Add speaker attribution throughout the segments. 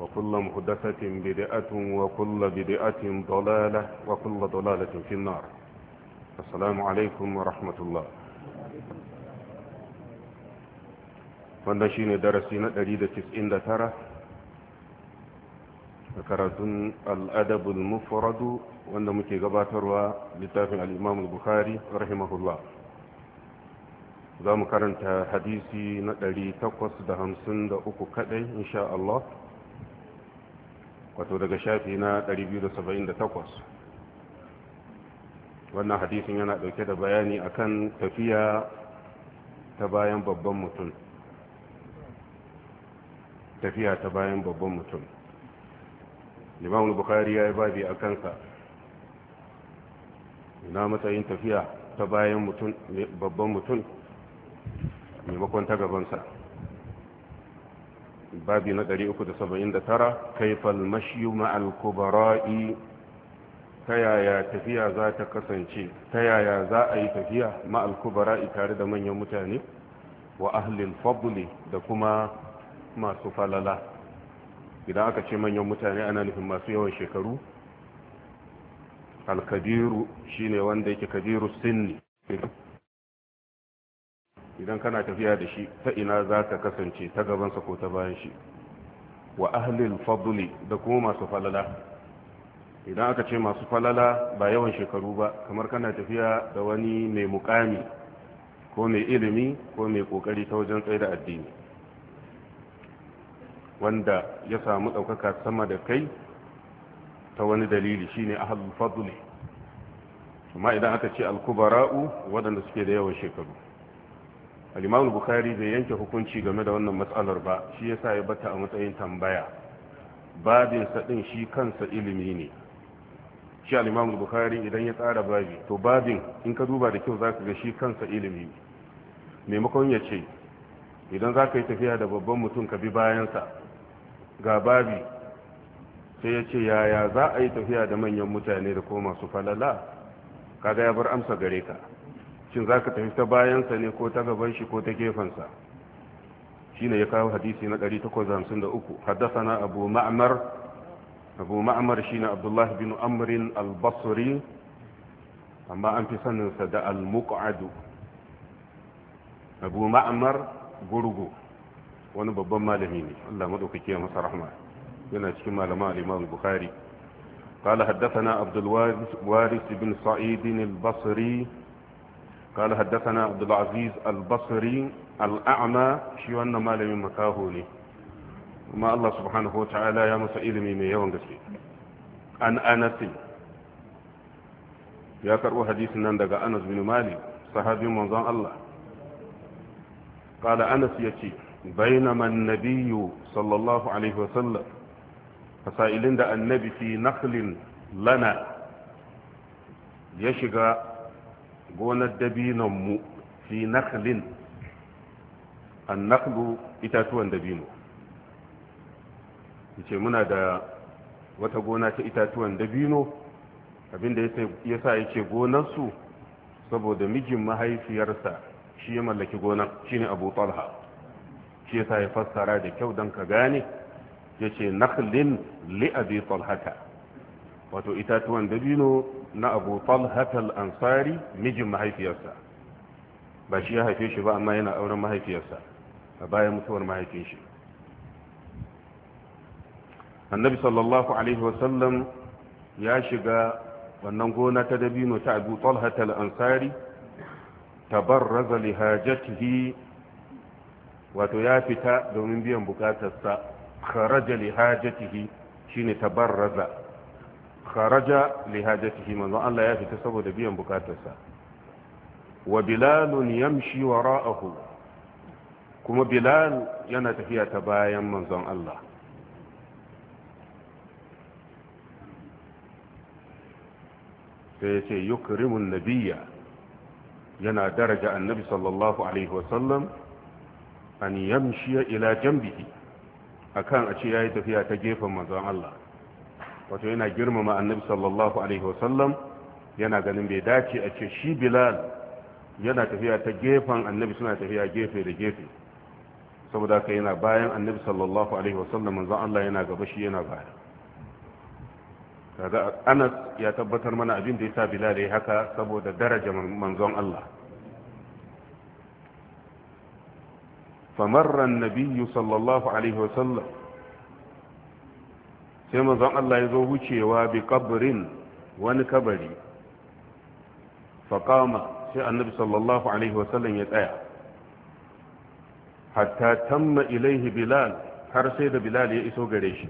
Speaker 1: وكل محدثة بدعة وكل بدعة ضلالة وكل ضلالة في النار السلام عليكم ورحمة الله wannan shi ne darasi na 199 da karatun al'adabul mufaradu wanda muke gabatarwa littafin al'imam bukhari rahimahullah za mu karanta hadisi na 853 kadai insha Allah wato daga shafi na 278 wannan hadisin yana dauke da bayani akan tafiya ta bayan babban mutum tafiya ta bayan babban mutum limamun bukari ya yi babi a kansa na matsayin tafiya ta bayan babban mutum maimakon ta gabansa babi na 379 kaifal mashiyu ma'al kubara'i ta yaya tafiya za ta kasance ta yaya za a yi tafiya ma'al kubara'i tare da manyan mutane wa ahlil fadli da kuma masu falala idan aka ce manyan mutane ana nufin masu yawan shekaru alkabiru shine wanda yake kabiru sinni idan kana tafiya da shi ta ina za ka kasance ta gabansa ko ta bayan shi wa ahlil fadli da kuma masu falala idan aka ce masu falala ba yawan shekaru ba kamar kana tafiya da wani mai mukami ko mai ilimi ko mai kokari ta wajen tsaye da addini wanda ya samu ɗaukaka sama da kai ta wani dalili shine ahlul fadli amma idan aka ce kubarau waɗanda suke da yawan shekaru al-imam bukhari bai yanke hukunci game da wannan matsalar ba shi yasa ya bata a matsayin tambaya babin sa din shi kansa ilimi ne shi al-imam bukhari idan ya tsara babi to babin in ka duba da kyau zaka ga shi kansa ilimi maimakon ya ce idan zaka yi tafiya da babban mutum ka bi bayansa ga babi sai ya ce yaya za a yi tafiya da manyan mutane da ko masu falala kaga ya bar amsa gare ka shin za ka tafi ta bayansa ne ko ta gaban shi ko ta gefensa shi ne ya kawo hadisi na 853 na abu ma'amar abu ma'amar shi ne abdullah bin amrin al amma an fi saninsa da al abu ma'amar gurgu wani babban malami ne allah maɗaukaki masa rahma yana cikin malaman al-imam bukhari قال حدثنا عبد الوارث بن سعيد البصري قال حدثنا عبد العزيز البصري الأعمى شيوانا مالي مكاهولي وما الله سبحانه وتعالى يا مسائل ميمي يوم قسي عن أنس يا كرو حديثنا عندك أنس بن مالي صحابي منظام الله قال أنس يتي بينما النبي صلى الله عليه وسلم فسائلين ده النبي في نخل لنا يشغى gonar dabinonmu fi naklin an naklu itatuwan dabino ce muna da wata gona ta itatuwan dabino abinda ya sa ya ce gonarsu saboda mijin mahaifiyarsa shi ya mallaki gonar shi ne abu talha shi ya sa ya fassara da kyau don ka gane ya ce naklin li abi talhata wato itatuwan dabino na abu talhat ansari mijin mahaifiyarsa ba shi ya haife shi ba amma yana auren mahaifiyarsa a bayan mutuwar mahaifin shi annabi sallallahu alaihi wasallam ya shiga wannan gona ta dabino ta abu talhat ansari tabarraza li hajatihi wato ya fita domin biyan bukatarsa kharaja li hajatihi shine tabarraza kharaja li hajatihi manzo Allah ya fita saboda biyan bukatarsa wa bilal yamshi wara'ahu kuma bilal yana tafiya ta bayan manzon Allah sai ya ce nabiyya yana daraja annabi sallallahu alaihi wasallam an yamshi ila jambihi akan a ce yayi tafiya ta gefen manzon Allah wato yana girmama annabi sallallahu alaihi wasallam yana ganin bai dace a ce shi bilal yana tafiya ta gefen annabi suna tafiya gefe da gefe saboda haka yana bayan annabi sallallahu alaihi wasallam manzon Allah yana gaba shi yana baya kaga Anas ya tabbatar mana abin da yasa Bilal yayi haka saboda daraja manzon Allah famarra an-nabiy sallallahu alaihi wasallam sai manzon Allah ya zo wucewa bi kabrin wani kabari faƙama sai annabi sallallahu alaihi wasallam ya tsaya hatta tamma ilaihi bilal har sai da bilal ya iso gare shi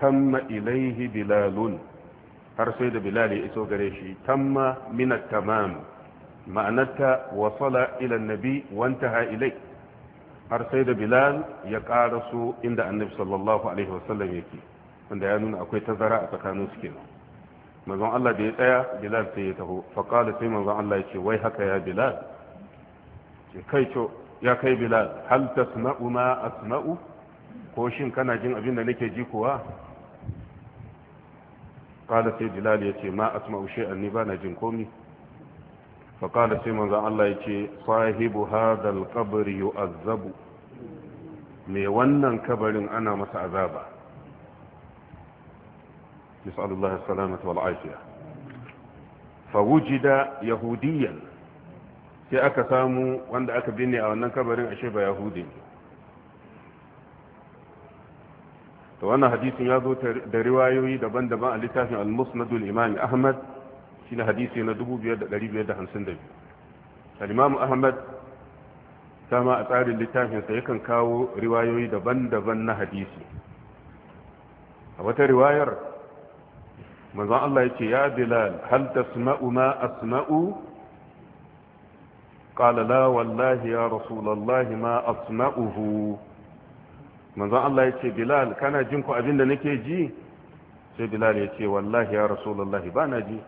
Speaker 1: tamma ilaihi bilalun har sai da bilal ya iso gare shi tamma min tamam ma'anarta wasala ila nabi wantaha ilai har sai da bilal ya ƙaraso inda annabi sallallahu alaihi wasallam yake wanda ya nuna akwai tazara a tsakanin su kenan manzon Allah da ya tsaya Bilal sai ya taho fa qala sai manzon Allah ya ce wai haka ya Bilal ce kai co ya kai Bilal hal tasma'u ma asma'u ko shin kana jin abin da nake ji kuwa qala sai Bilal ya ce ma asma'u shay'an ni ba na jin komi fa qala sai manzon Allah ya ce sahibu hadal qabr yu'azzabu me wannan kabarin ana masa azaba نسأل الله السلامة والعافية فوجد يهوديا sai aka samu wanda aka binne a wannan kabarin ashe ba yahudi to wannan hadisin ya zo da riwayoyi daban-daban a littafin al-musnadul imam ahmad shine hadisi na 2552 al-imam ahmad kama a tsarin littafinsa yakan kawo riwayoyi daban-daban na hadisi a wata riwayar manzon Allah yake ya bilal hal tasma'u ma asma'u qala la wallahi ya rasulullahi ma asma'uhu manzon Allah yake bilal kana jin ku abinda nake ji sai bilal yace wallahi ya rasulullahi bana ji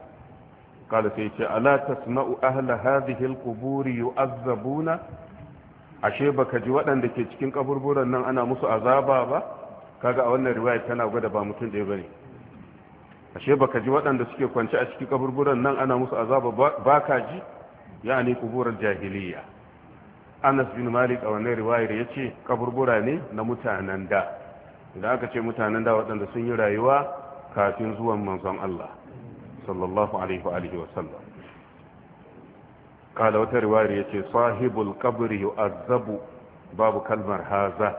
Speaker 1: قال سيتي ألا تسمع أهل هذه القبور يؤذبون ashe baka ji waɗanda ke cikin kaburburan nan ana musu azaba ba kaga a wannan riwaya tana gwada ba mutum ɗaya bane ashe baka ji waɗanda suke kwance a cikin kaburburan nan ana musu azaba ba ka ji ya ne kuburar jahiliya anas bin malik a wannan riwayar ya ce kaburbura ne na mutanen da idan aka ce mutanen da waɗanda sun yi rayuwa kafin zuwan manzon Allah sallallahu alaihi wa alihi wa sallam kala wata riwayar ya ce sahibul qabri yu'azzabu babu kalmar haza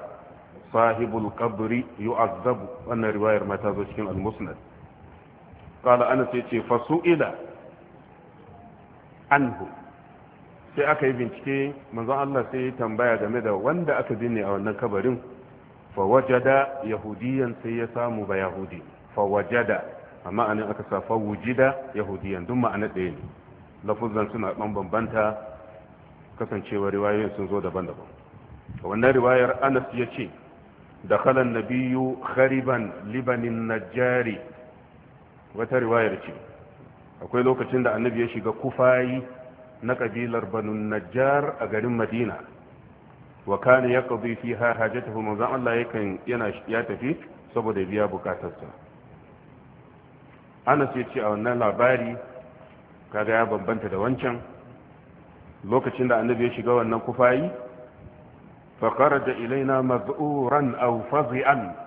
Speaker 1: sahibul qabri yu'azzabu wannan riwayar ma ta zo cikin al-musnad kala anas ya ce fasu'ila anhu sai aka yi bincike manzon Allah sai tambaya game da wanda aka binne a wannan kabarin fa wajada yahudiyan sai ya samu ba yahudi fa wajada amma anan aka sa fa wujida yahudiyan duk ma'ana ɗaya ne lafuzan suna ɗan bambanta kasancewa riwayoyin sun zo daban-daban wannan riwayar Anas ya ce da kalan nabiyu khariban libanin najari wata riwayar ce akwai lokacin da annabi ya shiga kufayi na kabilar banu najjar a garin madina wa kana ya qadi har hajatahu manzon Allah yakan yana ya tafi saboda biya bukatarsa Anas ya ce a wannan labari kaga ya bambanta da wancan lokacin da annabi ya shiga wannan kufayi fa kharaja ilaina maz'uran aw fazi'an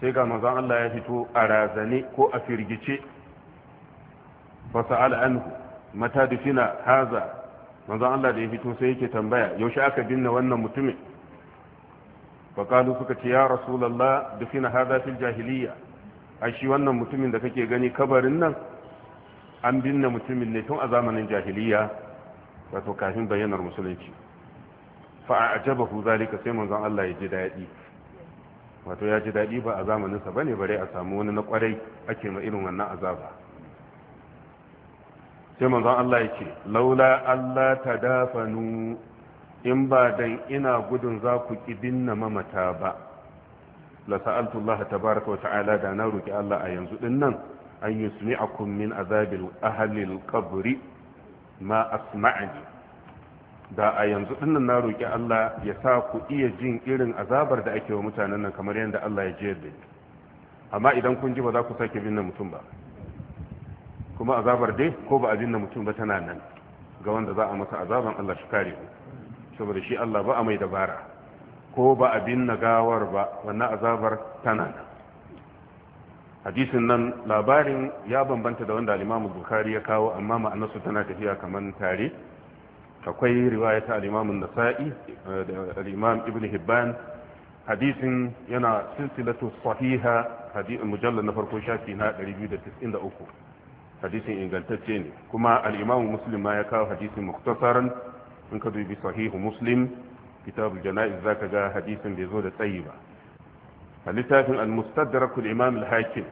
Speaker 1: sai ga manzon Allah ya fito a razane ko a firgice ba sa'al anhu mata dufina haza manzon Allah da ya fito sai yake tambaya yaushe aka binne wannan mutumin fa kalu suka ce ya rasulullah dufina haza fil jahiliya ai shi wannan mutumin da kake gani kabarin nan an binne mutumin ne tun a zamanin jahiliya wato kafin bayyanar musulunci fa a ajaba zalika sai manzon Allah ya ji daɗi wato ya ji daɗi ba a zamaninsa ba ne bare a samu wani na kwarai ake ma irin wannan azaba sai manzon Allah ya ce laula Allah ta dafanu in ba dan ina gudun za ku ƙidin na mamata ba la sa'altu Allah tabaraka wa ta'ala da na roƙi Allah a yanzu ɗin nan an yi yusmi'akum min azabil ahli al ma asma'ani da a yanzu dinnan na roƙi Allah ya sa ku iya jin irin azabar da ake wa mutanen nan kamar yadda Allah ya jiyar da ni amma idan kun ji ba za ku sake binne mutum ba kuma azabar dai ko ba a binne mutum ba tana nan ga wanda za a masa azaban Allah shi kare ku saboda shi Allah ba a mai dabara ko ba a binne gawar ba wannan azabar tana nan hadisin nan labarin ya bambanta da wanda al-Imam Bukhari ya kawo amma ma'anarsa tana tafiya kamar tare akwai riwaya ta al nasa'i eh, da al ibn hibban hadisin yana silsilatu sahiha hadisin mujallal na farko shafi na 293 hadisin ingantacce ne kuma al-imamu muslim ma ya kawo hadisin muktasaran in ka dubi sahihu muslim Kitabu janaiz zaka ga hadisin bai zo da tsayi ba a littafin al-mustadrak imam al-hakim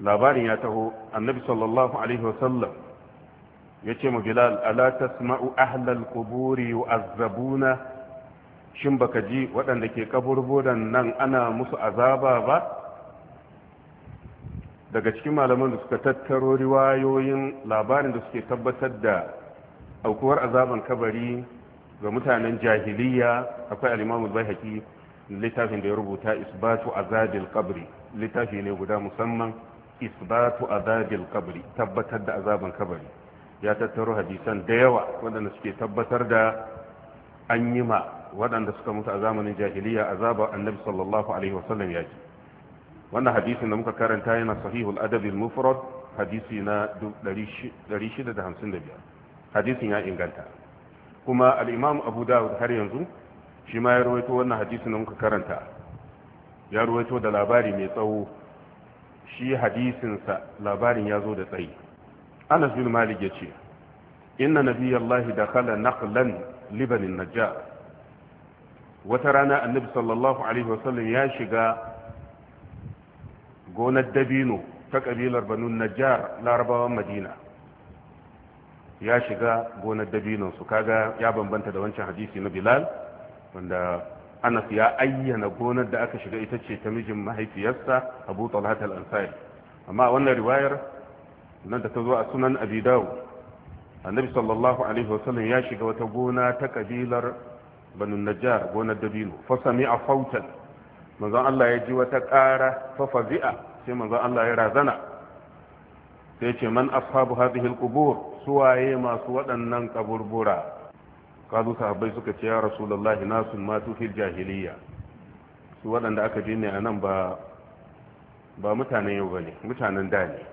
Speaker 1: labarin ya taho annabi sallallahu alaihi sallam. yace mu bilal ala tasma'u ahlal quburi yu'azzabuna shin baka ji waɗanda ke kaburburan nan ana musu azaba ba daga cikin malaman da suka tattaro riwayoyin labarin da suke tabbatar da aukuwar azaban kabari ga mutanen jahiliya akwai al-imamu bayhaqi littafin da ya rubuta isbatu azabil qabri littafi ne guda musamman isbatu azabil qabri tabbatar da azaban kabari ya tattaro hadisan da yawa waɗanda suke tabbatar da an yi ma waɗanda suka mutu a zamanin jahiliya azaba annabi sallallahu alaihi wasallam ya ji wannan hadisin da muka karanta yana sahihul adabil mufrad hadisi na 655 hadisin ya inganta kuma al-imam abu dawud har yanzu shi ma ya rawaito wannan hadisin da muka karanta ya rawaito da labari mai tsawo shi hadisinsa labarin ya zo da tsayi anas bin malik ya ce inna nabiyallahi da kala naqlan libanin najjar wata rana annabi sallallahu alaihi wasallam ya shiga gonar dabino ta kabilar banu najjar larabawan madina ya shiga gonar dabino su kaga ya bambanta da wancan hadisi na bilal wanda anas ya ayyana gonar da aka shiga ita ce ta mijin mahaifiyarsa abu talhat al-ansari amma wannan riwayar nan da ta zo a sunan abi annabi sallallahu alaihi wasallam ya shiga wata gona ta kabilar banu najjar gonar dabino fa sami'a fautan manzon Allah ya ji wata ƙara fa fazi'a sai manzon Allah ya razana sai ce man ashabu hadhihi alqubur suwaye masu waɗannan kaburbura kazu sahabbai suka ce ya rasulullahi nasu matu fil jahiliya su waɗanda aka ji ne a nan ba ba mutanen yau bane mutanen da ne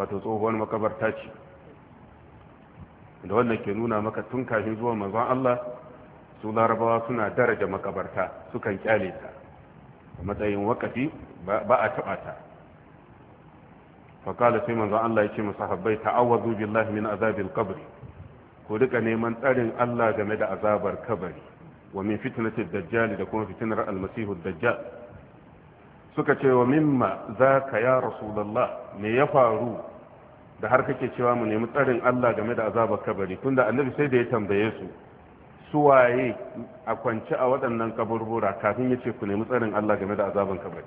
Speaker 1: wato tsohuwar makabarta ce da wannan ke nuna maka tun kafin zuwa manzon Allah su larabawa suna daraja makabarta sukan kyale ta a matsayin wakafi ba a taɓa ta faƙala sai manzon Allah ya ce masa habbai ta'awwazu billahi min azabil qabri ko duka neman tsarin Allah game da azabar kabari wa min fitnatil dajjal da kuma fitnar almasihu dajjal suka ce wa mimma zaka ya rasulullah me ya faru da har kake cewa mu nemi tsarin Allah game da azabar kabari tunda annabi sai da ya tambaye su suwaye a kwance a waɗannan kaburbura kafin ya ce ku nemi tsarin Allah game da azabar kabari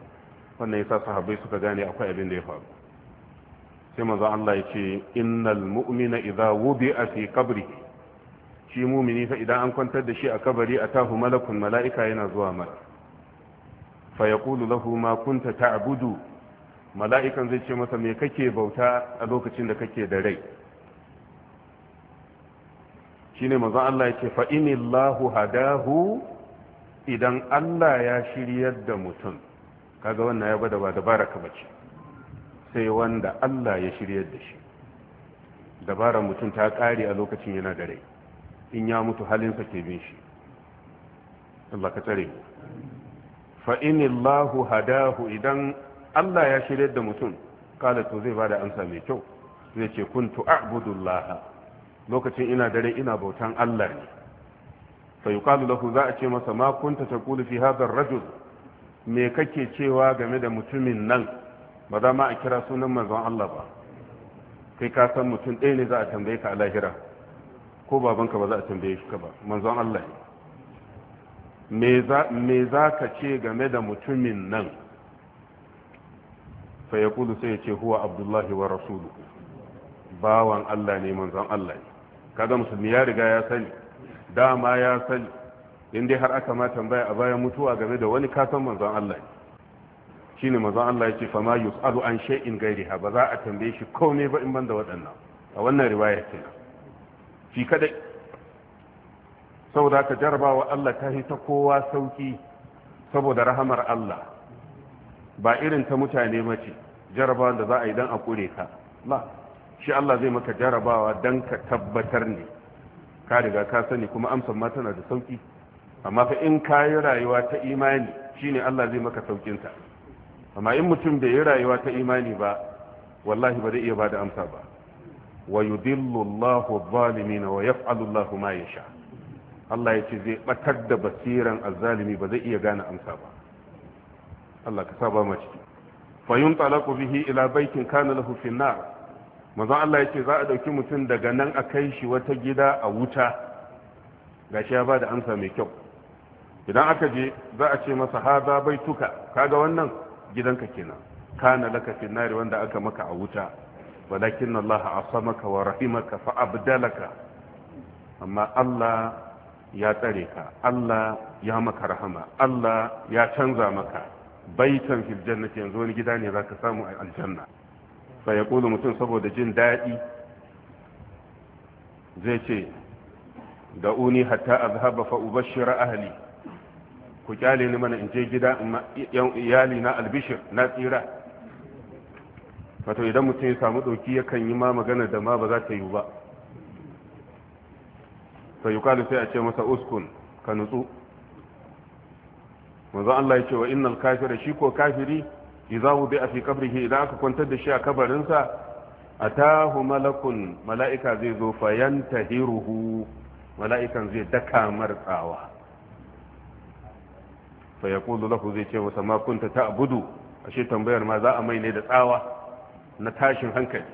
Speaker 1: wannan sa sahabbai suka gane akwai abin da ya faru sai manzo Allah ya ce innal mu'mina idza wubi'a fi qabrihi shi mumini fa idan an kwantar da shi a kabari a malakun mala'ika yana zuwa mara fa ya kulu lahu ma kunta ta'budu mala'ikan zai ce masa me kake bauta a lokacin da kake da rai shine manzo Allah yake fa inillahu hadahu idan Allah ya shiryar da mutum kaga wannan ya bada ba dabara sai wanda Allah ya shiryar da shi dabarar mutum ta kare a lokacin yana da rai in ya mutu halinsa ke bin shi Allah ka tare fa inillahu hadahu idan Allah ya shirya da mutum kala to zai bada amsa mai kyau zai ce kuntu a'budullah lokacin ina dare ina bautan Allah ne fa yuqalu lahu za a ce masa ma kunta taqulu fi hadha ar-rajul me kake cewa game da mutumin nan ba za ma a kira sunan manzon Allah ba kai ka san mutum ɗaya ne za a tambaye ka a lahira ko babanka ba za a tambaye shi ka ba manzon Allah ne me za ka ce game da mutumin nan fa ya kudu sai ya ce huwa abdullahi wa rasulu bawan Allah ne manzon Allah ne kaga musulmi ya riga ya sani dama ya sani in dai har aka ma tambaya a bayan mutuwa game da wani kasan manzon Allah ne shine manzon Allah ya ce fa ma yusalu an shay'in gairiha ba za a tambaye shi komai ba in ban da waɗannan a wannan riwaya kenan shi kadai saboda ka jarabawa Allah ta ta kowa sauki saboda rahamar Allah ba irin ta mutane mace jarabawa da za a yi don a kure ka Ba! shi Allah zai maka jarabawa don ka tabbatar ne ka riga ka sani kuma amsan ma tana da sauki amma fa in ka yi rayuwa ta imani shine Allah zai maka saukinta amma in mutum bai yi rayuwa ta imani ba wallahi ba zai iya bada amsa ba wa yudillu Allahu adh-dhalimin wa yaf'alu Allahu ma yasha Allah ya ce zai batar da basiran azzalimi ba zai iya gane amsa ba Allah ka saba mu ciki fa yuntalaqu bihi ila baikin, kana lahu fi nar manzo Allah yake za a dauki mutum daga nan a kai shi wata gida a wuta gashi ya bada amsa mai kyau idan aka je za a ce masa haza baituka kaga wannan gidanka kenan kana laka fi nar wanda aka maka a wuta walakin Allah asamaka wa rahimaka fa abdalaka amma Allah ya tsare ka Allah ya maka rahama Allah ya canza maka baitan fil jannati yanzu wani gida ne zaka samu a aljanna fa kula mutum saboda jin daɗi zai ce da uni hatta azhaba fa ubashshira ahli ku kyale ni mana in je gida iyali na albishir na tsira wato idan mutum ya samu doki yakan yi ma magana da ma ba za ta yi ba fa yukalu sai a ce masa uskun ka nutsu manzon Allah ya ce wa innal kafira shi ko kafiri idza bi fi qabrihi idan aka kwantar da shi a kabarin kabarinsa atahu malakun mala'ika zai zo fa yantahiruhu mala'ikan zai daka martsawa fa yaqulu lahu zai ce masa ma kunta ta'budu ashe tambayar ma za a mai ne da tsawa na tashin hankali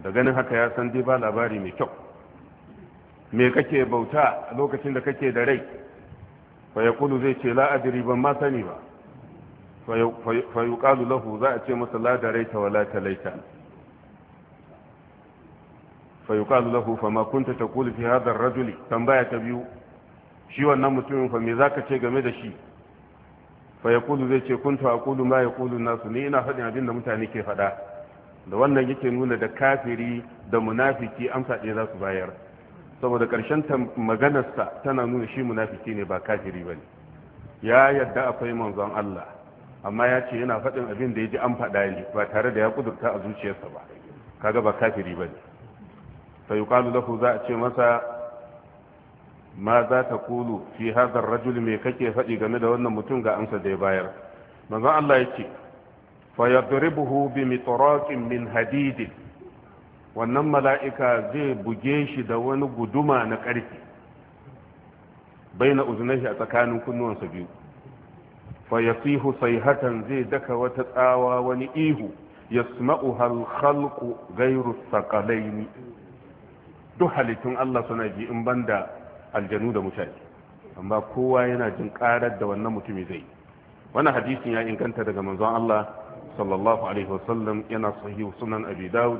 Speaker 1: da ganin haka ya san dai ba labari mai kyau me kake bauta lokacin da kake da rai fa zai ce la'adiri ban ma sani ba fa lahu za a ce masa la ta wala talaita fa yuqalu lahu fama kunta ta taqulu fi hadar ar-rajuli tambaya ta biyu shi wannan mutumin fa me za ka ce game da shi fa zai ce kunta a Kulu ma ya Kulu nasu ni ina faɗin abin da mutane ke faɗa da wannan yake nuna da kafiri da munafiki amsa ɗaya za su bayar saboda ƙarshen maganarsa tana nuna shi munafiki ne ba kafiri ba ne ya yadda akwai manzon Allah amma ya ce yana faɗin abin da ya ji an faɗa ne ba tare da ya kudurta a zuciyarsa ba kaga ba kafiri ba ne sai yuqalu lahu za a ce masa ma za ta kulu fi hadar rajul mai kake faɗi game da wannan mutum ga amsa da ya bayar manzon Allah ya ce fa yadribuhu bi mitraqin min hadidin. wannan mala'ika zai buge shi da wani guduma na ƙarfi bai na uzunan a tsakanin kunnuwansa biyu fayasihu sayhatan zai daka wata tsawa wani ihu ya sma'u halkalku gairu sakalaini duk halittun Allah suna ji in banda aljanu da mutane amma kowa yana jin karar da wannan mutumi zai Wani hadisin ya inganta daga manzon Allah sallallahu alaihi wasallam yana sahihu sunan abi dawud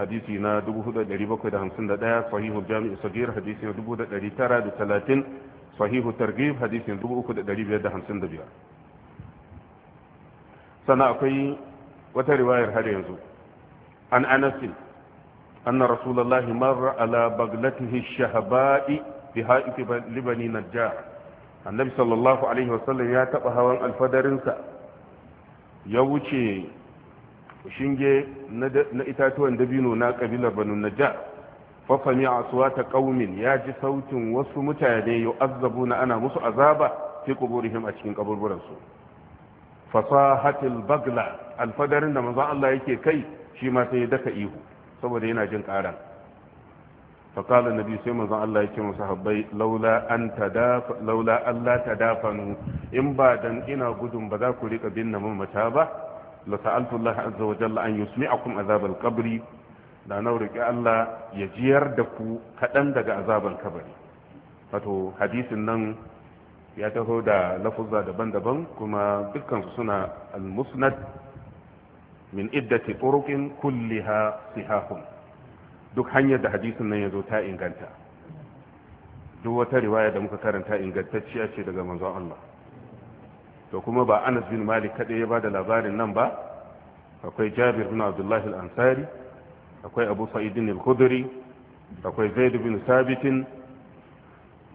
Speaker 1: hadisi na 4751 sahihu jami'i sagir hadisi na 1930 sahihu targhib hadisi na 3555 sana akwai wata riwayar har yanzu an anasin أن رسول الله مر على بغلته الشهباء بهائك لبني نجار النبي صلى الله عليه وسلم يا تبا هوان يوشي shinge na itatuwan dabino na kabilar banu najjar fasami a suwa ta kaumin ya ji sautin wasu mutane yau azabu na ana musu azaba fi kuburihim a cikin kaburburansu fasahatil bagla alfadarin da manzon Allah yake kai shi ma sai ya daka ihu saboda yana jin ƙaran faƙalar nabi sai manzon Allah yake masa habbai laula an laula Allah ta dafanu in ba dan ina gudun ba za ku rika binne mamata ba la sa'altu Allah azza wa jalla an yusmi'akum azab al da na Allah ya jiyar da ku kadan daga azaban kabari wato hadisin nan ya taho da lafuzza daban-daban kuma dukkan su suna al-musnad min iddati turuqin kulliha sihahun duk hanyar da hadisin nan ya zo ta inganta duk wata riwaya da muka karanta ingantacciya ce daga manzon Allah to kuma ba anas bin malik kaɗai ya ba da labarin nan ba akwai jabir bin abdullahi al-ansari akwai abu sa'idin al-khudri akwai zaid bin sabitin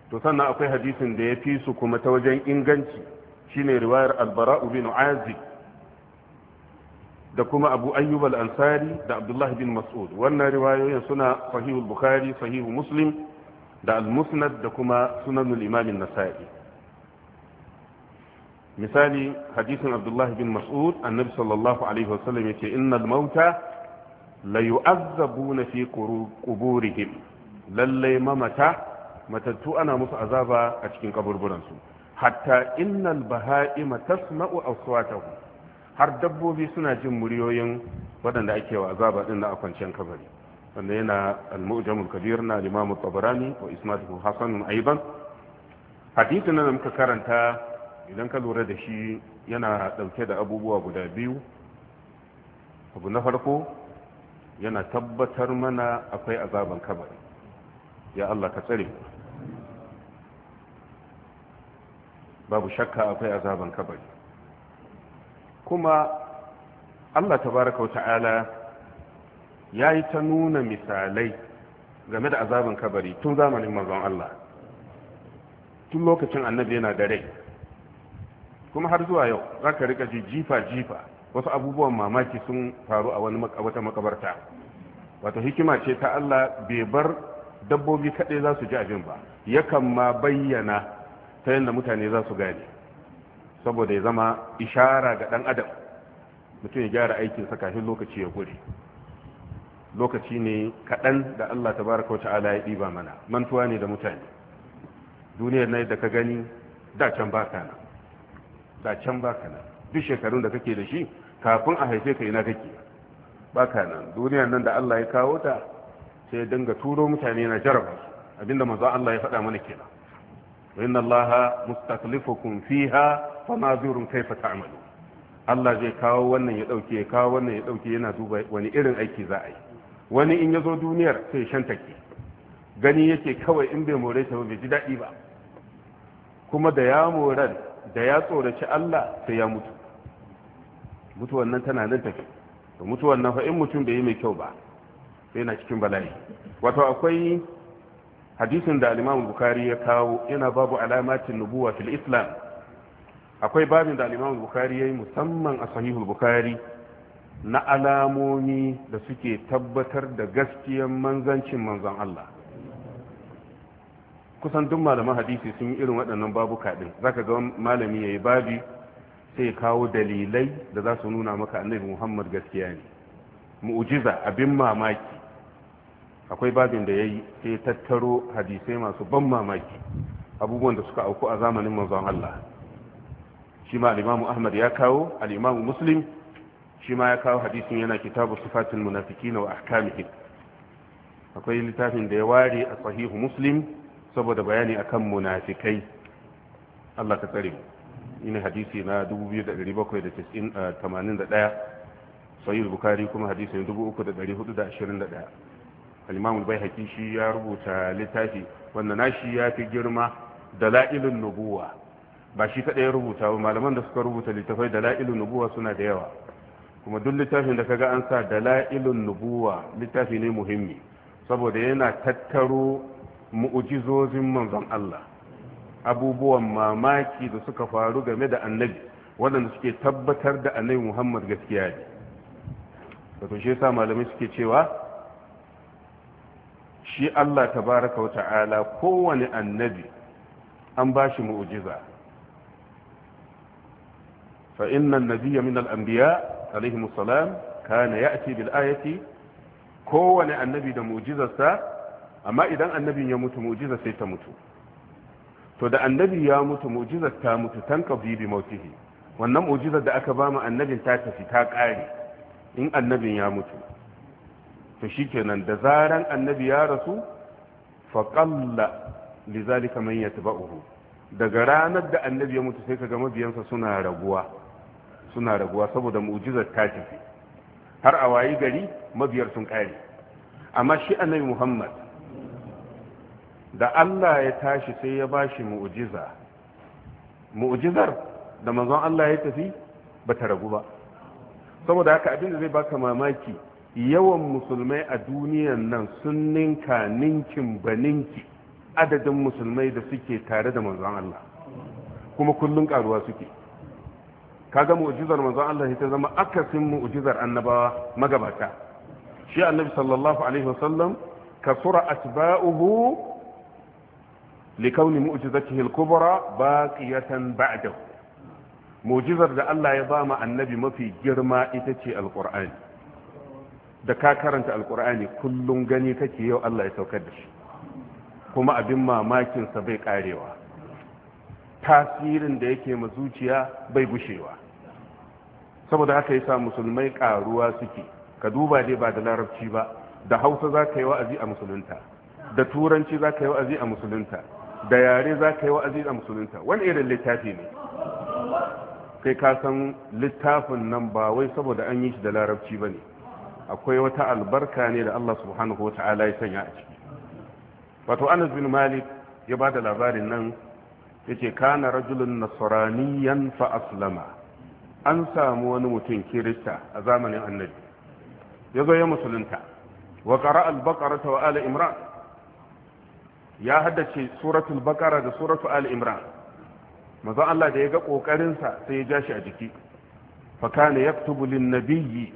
Speaker 1: to sannan akwai hadisin da ya fi su kuma ta wajen inganci shine riwayar al-bara'u bin azib da kuma abu ayyub al-ansari da abdullahi bin mas'ud wannan riwayoyin suna sahihul bukhari sahihu muslim da al-musnad da kuma sunanul imam an-nasa'i misali hadisin abdullahi bin mas'ud annabi sallallahu alaihi wasallam yace innal mauta la yu'azzabuna fi quburihim lalle mamata matattu ana musu azaba a cikin kaburburansu hatta innal baha'ima tasma'u aswatahu har dabbobi suna jin muryoyin waɗanda ake wa azaba din na kwanciyar kabari wanda yana al-mu'jamul kabir na Imam Tabarani wa Isma'il Hasan aiban hadisin da muka karanta idan ka lura da shi yana ɗauke da abubuwa guda biyu abu na farko yana tabbatar mana akwai azaban kabari ya Allah ka tsare babu shakka akwai azaban kabari kuma Allah tabaraka wa ta'ala ya yi ta nuna misalai game da azaban kabari tun zamanin manzon Allah tun lokacin annabi yana da rai kuma har zuwa yau za ka rika ji jifa jifa wasu abubuwan mamaki sun faru a wani wata makabarta wato hikima ce ta Allah bai bar dabbobi kaɗai za su ji abin ba yakan ma bayyana ta yadda mutane za su gane saboda ya zama ishara ga ɗan adam mutum ya gyara aikinsa kafin lokaci ya gure lokaci ne kaɗan da Allah ta baraka wa ta'ala ya ɗiba mana mantuwa ne da mutane duniyar na da ka gani da can ba na. da can baka nan duk shekarun da kake da shi kafin a haife ka ina kake baka nan nan da Allah ya kawo ta sai ya dinga turo mutane na jaraba abinda manzo Allah ya faɗa mana kenan wa inna Allah mustaklifukum fiha fama zurun kaifa ta'malu Allah zai kawo wannan ya dauke ya kawo wannan ya dauke yana duba wani irin aiki za a yi wani in ya zo duniyar sai shantake gani yake kawai in bai more ta bai ji daɗi ba kuma da ya moran da ya tsoraci Allah sai ya mutu mutuwan nan tana nan tafi to mutuwan nan fa in mutum bai yi mai kyau ba sai na cikin bala'i wato akwai hadisin da al-Imam ya kawo yana babu alamatin nubuwa fil Islam akwai babin da al-Imam Bukhari yayi musamman a Sahihul Bukhari na alamomi da suke tabbatar da gaskiyar manzancin manzon Allah kusan duk malaman hadisi sun yi irin waɗannan babuka za ka ga malami ya yi babi sai kawo dalilai da za su nuna maka annabi Muhammad gaskiya ne mu'ujiza abin mamaki akwai babin da ya yi sai tattaro hadisai masu ban mamaki abubuwan da suka auku a zamanin manzon Allah shi ma al Ahmad ya kawo al-Imam Muslim shi ma ya kawo hadisin yana kitabu sifatul munafiqina wa ahkamihim akwai littafin da ya ware a sahihu Muslim saboda bayani akan munafikai Allah ka tsare ina hadisi na 2781 eh, sahih bukhari kuma hadisi na 3421 al-imam al-baihaqi shi ya rubuta littafi wanda nashi ya fi girma dalailun nubuwa ba shi kadai ya rubuta ba malaman da suka rubuta littafai dalailun nubuwa suna da yawa kuma duk littafin da kaga an sa dalailun nubuwa littafi ne muhimmi saboda yana tattaro mu'ujizozin manzon Allah abubuwan mamaki da suka faru game da annabi waɗanda suke tabbatar da annabi Muhammad gaskiya ne wato shi yasa malamai suke cewa shi Allah tabaraka wa ta'ala kowane annabi an ba shi mu'ujiza fa inna min al-anbiya alayhi kana ya'ti bil ayati kowane annabi da mu'ujizarsa. amma idan annabin ya mutu mu'jiza sai ta mutu to da annabi ya mutu mu'jizar ta mutu tanqadi bi mautihi wannan mu'jizar da aka ba mu annabin ta tafi ta kare in annabin ya mutu to shikenan da zaran annabi ya rasu fa qalla lizalika man yatba'uhu daga ranar da annabi ya mutu sai kaga mabiyansa suna raguwa suna raguwa saboda mu'jizar ta tafi har a wayi gari mabiyar sun kare amma shi annabi Muhammad da Allah ya tashi sai ya ba shi mu'jiza mu'jizar da manzon Allah ya tafi ba ta ragu ba saboda haka abin da zai baka mamaki yawan musulmai a duniyan nan sun ninka ninkin baninki adadin musulmai da suke tare da manzon Allah kuma kullum karuwa suke kaga mu'jizar manzon Allah ita zama akasin mu'jizar annabawa magabata shi annabi sallallahu alaihi wasallam kasura atba'uhu likauni mu'jizatihi al-kubra ba'a ba'dahu mu'jizar da Allah ya ba mu annabi mafi girma ita ce alqur'ani da ka karanta alqur'ani kullum gani kake yau Allah ya saukar da shi kuma abin mamakinsa bai karewa tasirin da yake ma zuciya bai bushewa. saboda haka yasa musulmai ƙaruwa suke ka duba dai ba da larabci ba da hausa za ka yi wa'azi a musulunta da turanci za ka yi wa'azi a musulunta da yare za ka yi wa'azi a musulunta wani irin littafi ne sai ka san littafin nan ba wai saboda an yi shi da larabci ba ne akwai wata albarka ne da Allah subhanahu wa ta'ala ya sanya a ciki wato anas bin malik ya ba da labarin nan ya ce kana rajulun nasaraniyan fa aslama an samu wani mutum kirista a zamanin annabi ya zo ya musulunta wa qara al-baqara wa ala imran ya haddace suratul bakara da suratul al-imran Allah da ya ga kokarin sa sai ya ja shi a jiki fa kana yaktubu lin nabiyyi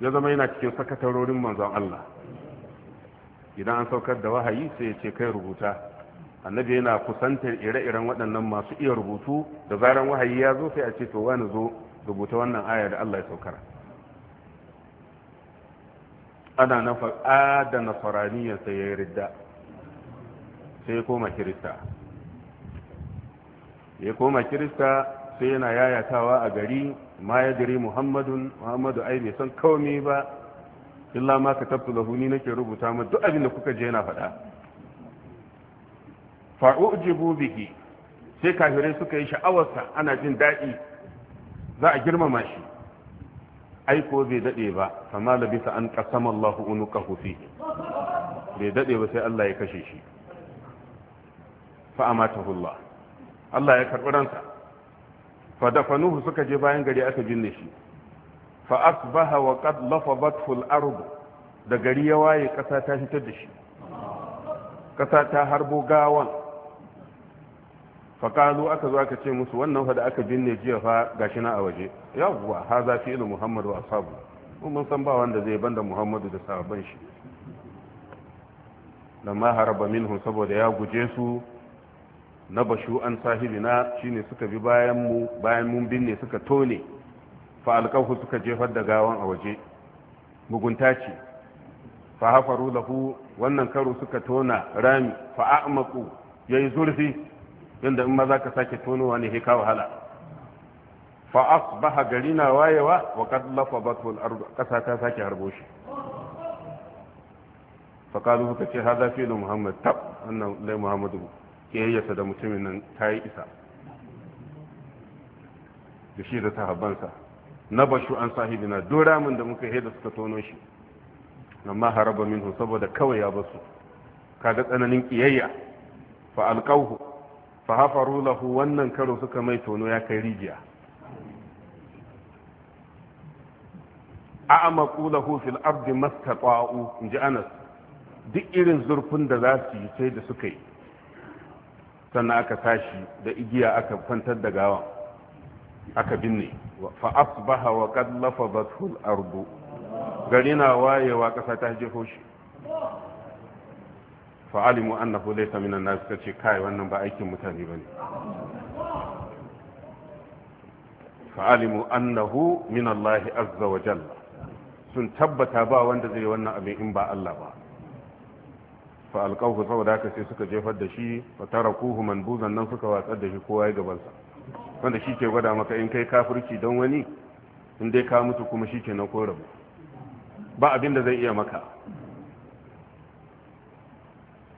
Speaker 1: ya zama yana cikin sakatarorin manzon Allah idan an saukar da wahayi sai ya ce kai rubuta annabi yana kusantar ire-iren waɗannan masu iya rubutu da zaran wahayi ya zo sai a ce to wani zo rubuta wannan aya da Allah ya saukar ana nafa adana faraniyar sai ya ridda sai ya koma kirista ya koma kirista sai yana yayatawa a gari ma ya gari muhammadun muhammadu ai bai san kawai ba illa ma ka tabtu lahu ni nake rubuta ma duk abin da kuka je yana faɗa fa'ujibu bihi sai kafirai suka yi sha'awarsa ana jin daɗi za a girmama shi ko bai daɗe ba kama labisa an ƙasama Allahu unuka hufi bai daɗe ba sai Allah ya kashe shi fa amatahu Allah Allah ya karɓi ransa fa Nuhu suka je bayan gari aka binne shi fa asbaha wa qad lafadathu al-ard da gari ya waye kasa ta hitar da shi kasa ta harbo gawan Fa faƙalu aka zo aka ce musu wannan fa da aka binne jiya fa gashi na a waje yawwa ha za fi ilu muhammad wa asabu mun san ba wanda zai banda muhammadu da sahabban shi lamma haraba minhum saboda ya guje su na bashu an sahibina shine suka bi bayan mu bayan mun binne suka tone fa alqahu suka jefar da gawan a waje mugunta ce fa hafaru lahu wannan karo suka tona rami fa a'maku yayi zurfi yanda in ma zaka sake tonowa ne sai wahala fa asbaha garina wayewa wa qad lafabatul ardu kasa ta sake harbo shi fa kalu ka ce hada fi muhammad tab annan lai muhammadu yayyasa da mutumin nan ta yi isa da shi da sahabbansa na bashu an sahibina duk ramin da muka heda suka tono shi amma haraba minhu saboda kawai ya basu kaga tsananin kiyayya fa alqawhu fa hafaru lahu wannan karo suka mai tono ya kai rijiya a'amaqu qulahu fil ardi mastata'u inji Anas duk irin zurfin da za su yi sai da suka yi sannan aka tashi da igiya aka kwantar da gawan aka binne fa asbaha wa qad lafadathu al-ardu gari na wayewa kasa ta jefo shi fa alimu annahu laysa min an-nas kace kai wannan ba aikin mutane bane fa alimu annahu min Allah azza wa jalla sun tabbata ba wanda zai wannan abin in ba Allah ba fa saboda haka sai suka jefar da shi fa tarakuhu manbuzan nan suka watsar da shi kowa ya gabansa. wanda shi ke gwada maka in kai kafirci don wani in dai ka mutu kuma shi ke na ko ba abin da zai iya maka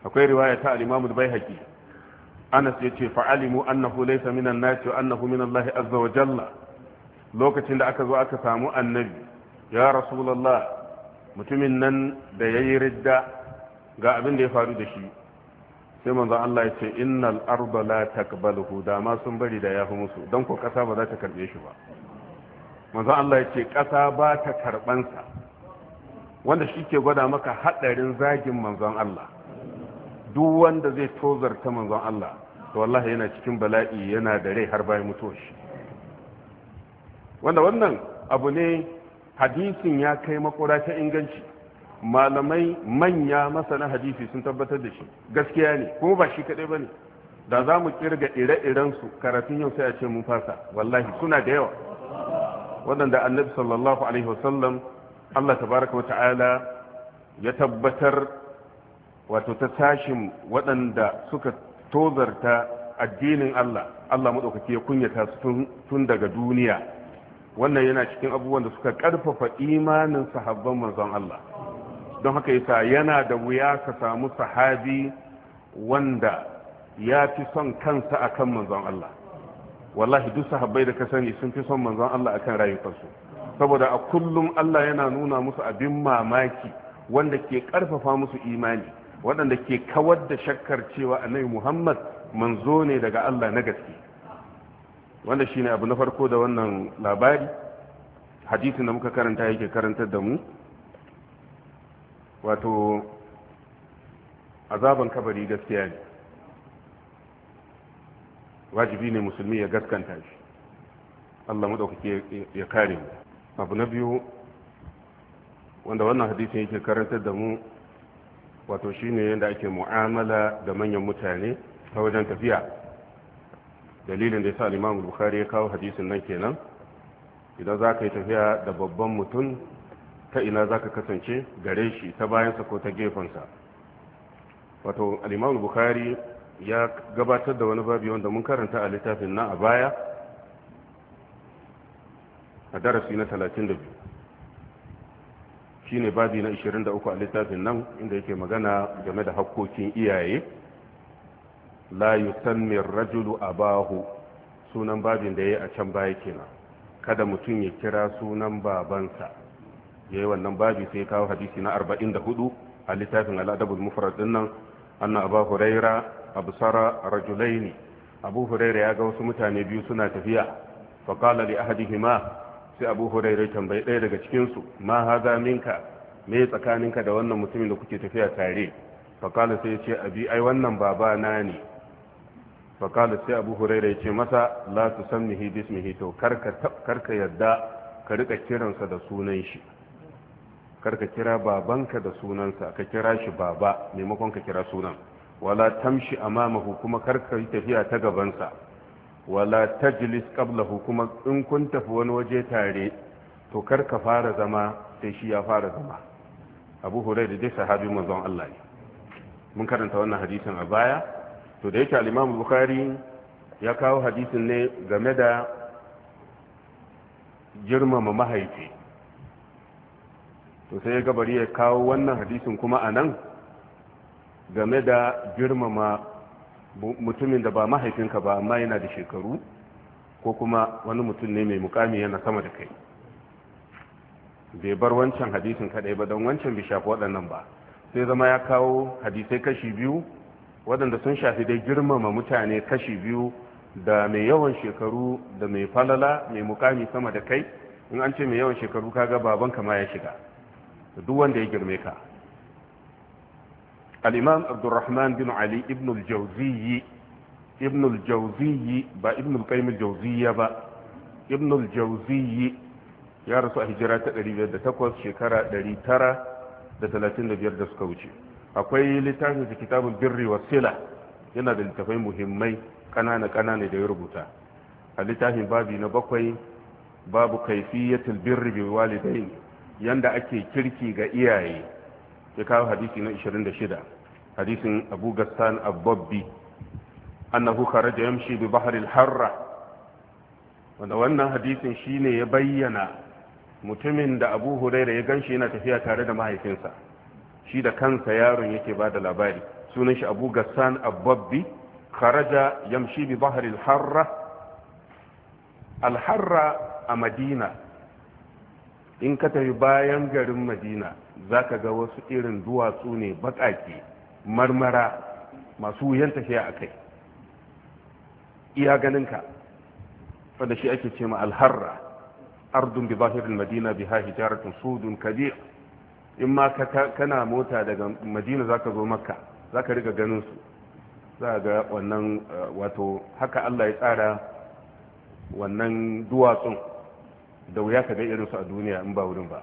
Speaker 1: akwai riwaya ta al-Imam al-Baihaqi Anas yace fa'alimu annahu laysa minan nasi annahu min Allah azza wa jalla lokacin da aka zo aka samu annabi ya rasulullah mutumin nan da yayi ridda ga abin da ya faru da shi sai manzon Allah ya ce innal arda la taqbaluhu da ma sun bari da yafi musu dan ko kasa ba za ta karbe shi ba manzo Allah ya ce kasa ba ta karban sa wanda ke gwada maka hadarin zagin manzon Allah duk wanda zai tozarta manzon Allah to wallahi yana cikin bala'i yana da rai har bayan mutuwa shi wanda wannan abu ne hadisin ya kai makura ta inganci malamai manya masana hadisi sun tabbatar da shi gaskiya ne kuma ba shi kadai bane da za mu kirga ire-iren su karatun yau sai a ce mun fasa wallahi suna da yawa waɗanda annabi sallallahu alaihi wasallam Allah tabaraka wa ta'ala ya tabbatar wato ta tashin waɗanda suka tozarta addinin Allah Allah madaukake ya kunyata su tun daga duniya wannan yana cikin abubuwan da suka ƙarfafa imanin sahabban manzon Allah don haka yasa yana da wuya ka samu sahabi wanda ya fi son kansa akan manzon Allah wallahi duk sahabbai da ka sani sun fi son manzon Allah akan rayukansu saboda a kullum Allah yana nuna musu abin mamaki wanda ke karfafa musu imani waɗanda ke kawar da shakkar cewa annabi Muhammad manzo ne daga Allah na gaske wanda shine abu na farko da wannan labari hadisin da muka karanta yake karantar da mu wato azaban kabari gaskiya ne wajibi ne musulmi ya gaskanta shi Allah maɗaukaki ya kare mu abu na biyu wanda wannan hadisin yake karantar da mu wato shine yadda ake mu'amala da manyan mutane ta wajen tafiya dalilin da ya sa Imam Bukhari ya kawo hadisin nan kenan idan za ka yi tafiya da babban mutum ta ina za ka kasance gare shi ta bayansa ko ta gefensa wato alimamu bukari ya gabatar da wani babi wanda mun karanta a littafin na a baya a darasi na 32 shi ne babi na 23 a littafin nan inda yake magana game da hakkokin iyaye la sanmin rajulu bahu, sunan babin da ya yi a can baya kenan kada mutum ya kira sunan babansa yayi wannan babi sai kawo hadisi na 44 a littafin al-adabul nan. dinnan anna abu huraira absara rajulaini abu huraira ya ga wasu mutane biyu suna tafiya fa qala li ahadihima sai abu huraira tambayi ɗaya daga cikin su ma haza minka me tsakaninka da wannan mutumin da kuke tafiya tare fa sai ya ce abi ai wannan baba na ne fakala sai abu huraira ya ce masa la san bismihi to karka karka yadda ka rika kiransa da sunan shi karka kira babanka da sunansa ka kira shi baba maimakon ka kira sunan wala tamshi amamahu kuma karka yi tafiya ta gabansa wala tajlis qablahu kuma in kun tafi wani waje tare to karka fara zama sai shi ya fara zama abu hurairah dai sahabi manzon Allah ne mun karanta wannan hadisin a baya to da yake al-imam bukhari ya kawo hadisin ne game da girmama mahaifi to sai gabari ya kawo wannan hadisin kuma a nan game da girmama mutumin da ba mahaifinka ba amma yana da shekaru ko kuma wani mutum ne mai mukami yana sama da kai bai bar wancan hadisin kadai ba don wancan bai shafi waɗannan ba sai zama ya kawo hadisai kashi biyu waɗanda sun shafi dai girmama mutane kashi biyu da mai yawan shekaru da mai falala mai mukami sama da kai in an ce mai yawan shekaru kaga babanka ma ya shiga duk wanda ya girme ka al-imam abdurrahman bin ali ibn al-jawziyyi ibn al ba ibn al-qayyim al-jawziyya ba ibn al-jawziyyi ya rasu a hijira ta 508 shekara 935 da suka wuce akwai littafin da kitabul birri wa sila yana da littafai muhimmai kanana kanana da ya rubuta a littafin babi na bakwai babu kaifiyatul birri bi walidain yanda ake kirki ga iyaye ya kawo hadisi na 26 hadisin abu gassan abubbi annahu kharaja yamshi bi bahri al-harra wanda wannan hadisin shine ya bayyana mutumin da abu huraira ya ganshi yana tafiya tare da mahaifinsa shi da kansa yaron yake bada labari sunan shi abu gassan abubbi kharaja yamshi bi bahri al-harra al-harra a madina in ka tafi bayan garin madina za ka ga wasu irin duwatsu ne baƙaƙe marmara masu wuyan tafiya a kai iya ganinka fada shi ake ce ma alharra ardun bi zahirin madina bi ha hijaratun sudun kabir in ma kana mota daga madina za ka zo makka za ka riga su za ga wannan eh, wato haka allah ya tsara wannan duwatsun da wuya ka ga irinsu a duniya in ba wurin ba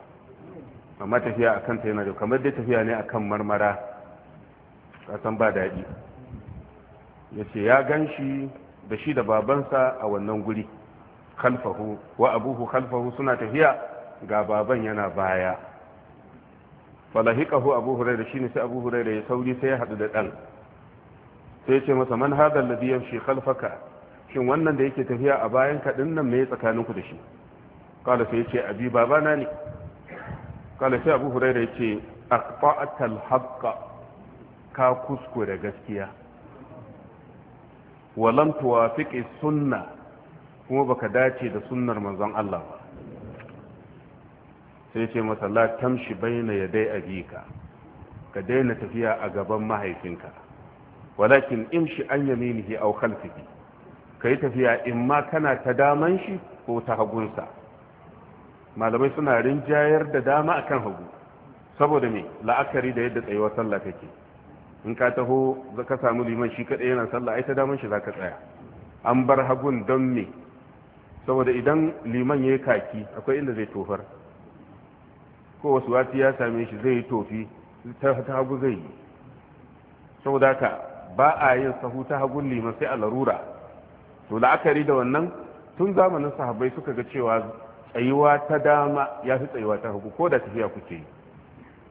Speaker 1: amma tafiya a kanta yana da kamar dai tafiya ne a kan marmara kasan ba daɗi ya ce ya gan shi da shi da babansa a wannan guri kalfahu wa abuhu kalfahu suna tafiya ga baban yana baya falahikahu abu shi shine sai abu da ya sauri sai ya hadu da ɗan sai ce masa man hadha alladhi yamshi khalfaka shin wannan da yake tafiya a bayan ka nan me tsakaninku da shi kala sai yace abi babana ne kala sai abu hurairah yace aqta'ta al-haqqa ka kuskure gaskiya wa lam sunna kuma baka dace da sunnar manzon Allah ba sai ce masa la tamshi baina yaday abika ka daina tafiya a gaban mahaifinka walakin imshi an yaminihi aw khalfihi kai tafiya in ma kana ta daman shi ko ta hagunsa malamai suna rinjayar da dama akan hagu saboda me la'akari da yadda tsayuwar sallah take in ka taho ka samu liman shi kaɗai yana sallah ai ta daman shi za ka tsaya an bar hagun don me saboda idan liman ya yi kaki akwai inda zai tofar ko wasu wati ya same shi zai yi tofi ta hagu zai yi saboda ka ba a yin sahu ta hagun liman sai a larura to la'akari da wannan tun zamanin sahabbai suka ga cewa tsayuwa ta dama ya fi tsayuwa ta hagu ko da tafiya kuke yi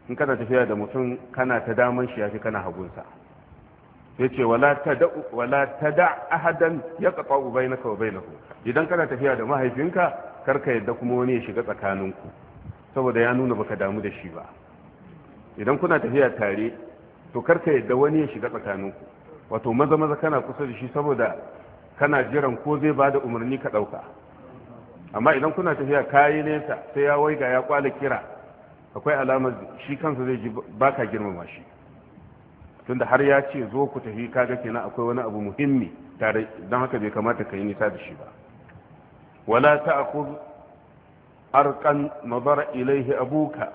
Speaker 1: in kana tafiya da mutum kana ta daman shi ya fi kana hagunsa ya ce wala ta da ahadan ya kafa ubai na kawo bai idan kana tafiya da mahaifinka karka yadda kuma wani ya shiga tsakaninku saboda ya nuna baka damu da shi ba idan kuna tafiya tare to karka yadda wani ya shiga tsakaninku wato maza maza kana kusa da shi saboda kana jiran ko zai ba da umarni ka ɗauka amma idan kuna tafiya kayi nesa sai ya waiga ya kwale kira akwai alamar shi kansa zai ji baka girmama shi tunda har ya ce zo ku tafi ka kaga kenan akwai wani abu muhimmi tare don haka bai kamata ka yi nisa da shi ba wala ta'khudh arqan mabara ilaihi abuka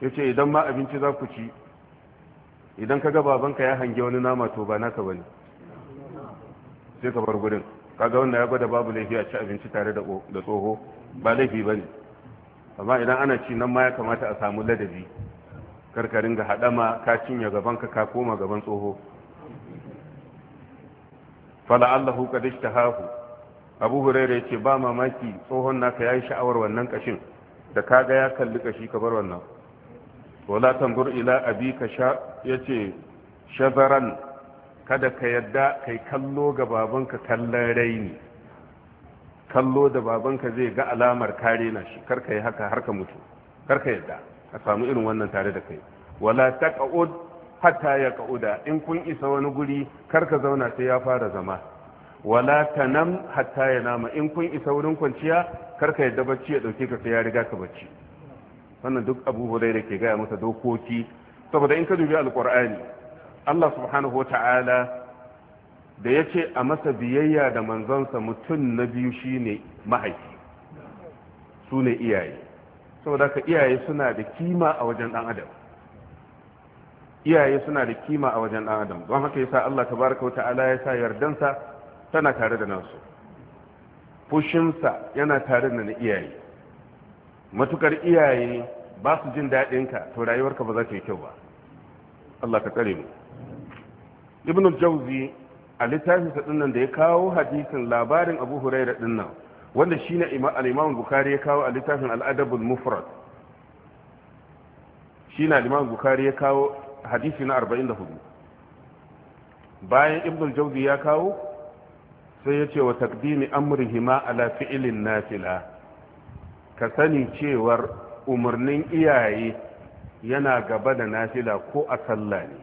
Speaker 1: yace idan ma abinci za ku ci idan ka ga babanka ya hange wani nama to ba naka bane sai ka bar gurin kaga wanda ya gwada babu laifi a ci abinci tare da tsoho ba laifi ba ne amma idan ana ci nan ma ya kamata a samu ladabi karkarin ga haɗama ka cinye gaban ka ka koma gaban tsoho fala allahu qad hafu. abu ya ce ba mamaki tsohon naka ya yi sha'awar wannan kashin da kaga ya kalli kashi ka bar wannan wala tambur ila ka sha yace shazaran kada ka yadda kai kallo ga babanka kallon raini kallo da babanka zai ga alamar kare na shi karka yi haka har ka mutu karka yadda ka samu irin wannan tare da kai wala taqud hatta ka'uda in kun isa wani guri karka zauna sai ya fara zama wala tanam hatta nama in kun isa wurin kwanciya karka yadda bacci ya dauke ka sai ya riga ka bacci wannan duk abu da ke gaya masa dokoki saboda in ka dubi alqur'ani Allah subhanahu wata'ala da ya ce a masa biyayya da manzansa mutum na biyu shine mahaifi su ne iyaye saboda ka iyaye suna da kima a wajen dan adam iyaye suna da kima a wajen dan adam don haka yasa Allah tabaraka wata'ala ya sa yardansa tana tare da nasu fushinsa yana tare da na iyaye matukar iyaye ba su jin daɗinka to rayuwarka ba za ta yi kyau ba Allah ka tsare mu ibn al a littafin sa dinnan da ya kawo hadisin labarin abu huraira dinnan wanda shine al-imam bukhari ya kawo a littafin al-adab al-mufrad shine al-imam bukhari ya kawo hadisi na 44 bayan ibn al-jawzi ya kawo sai ya ce wa taqdimi amrihima ala fi'lin nafila ka sani cewar umarnin iyaye yana gaba da nafila ko a sallah ne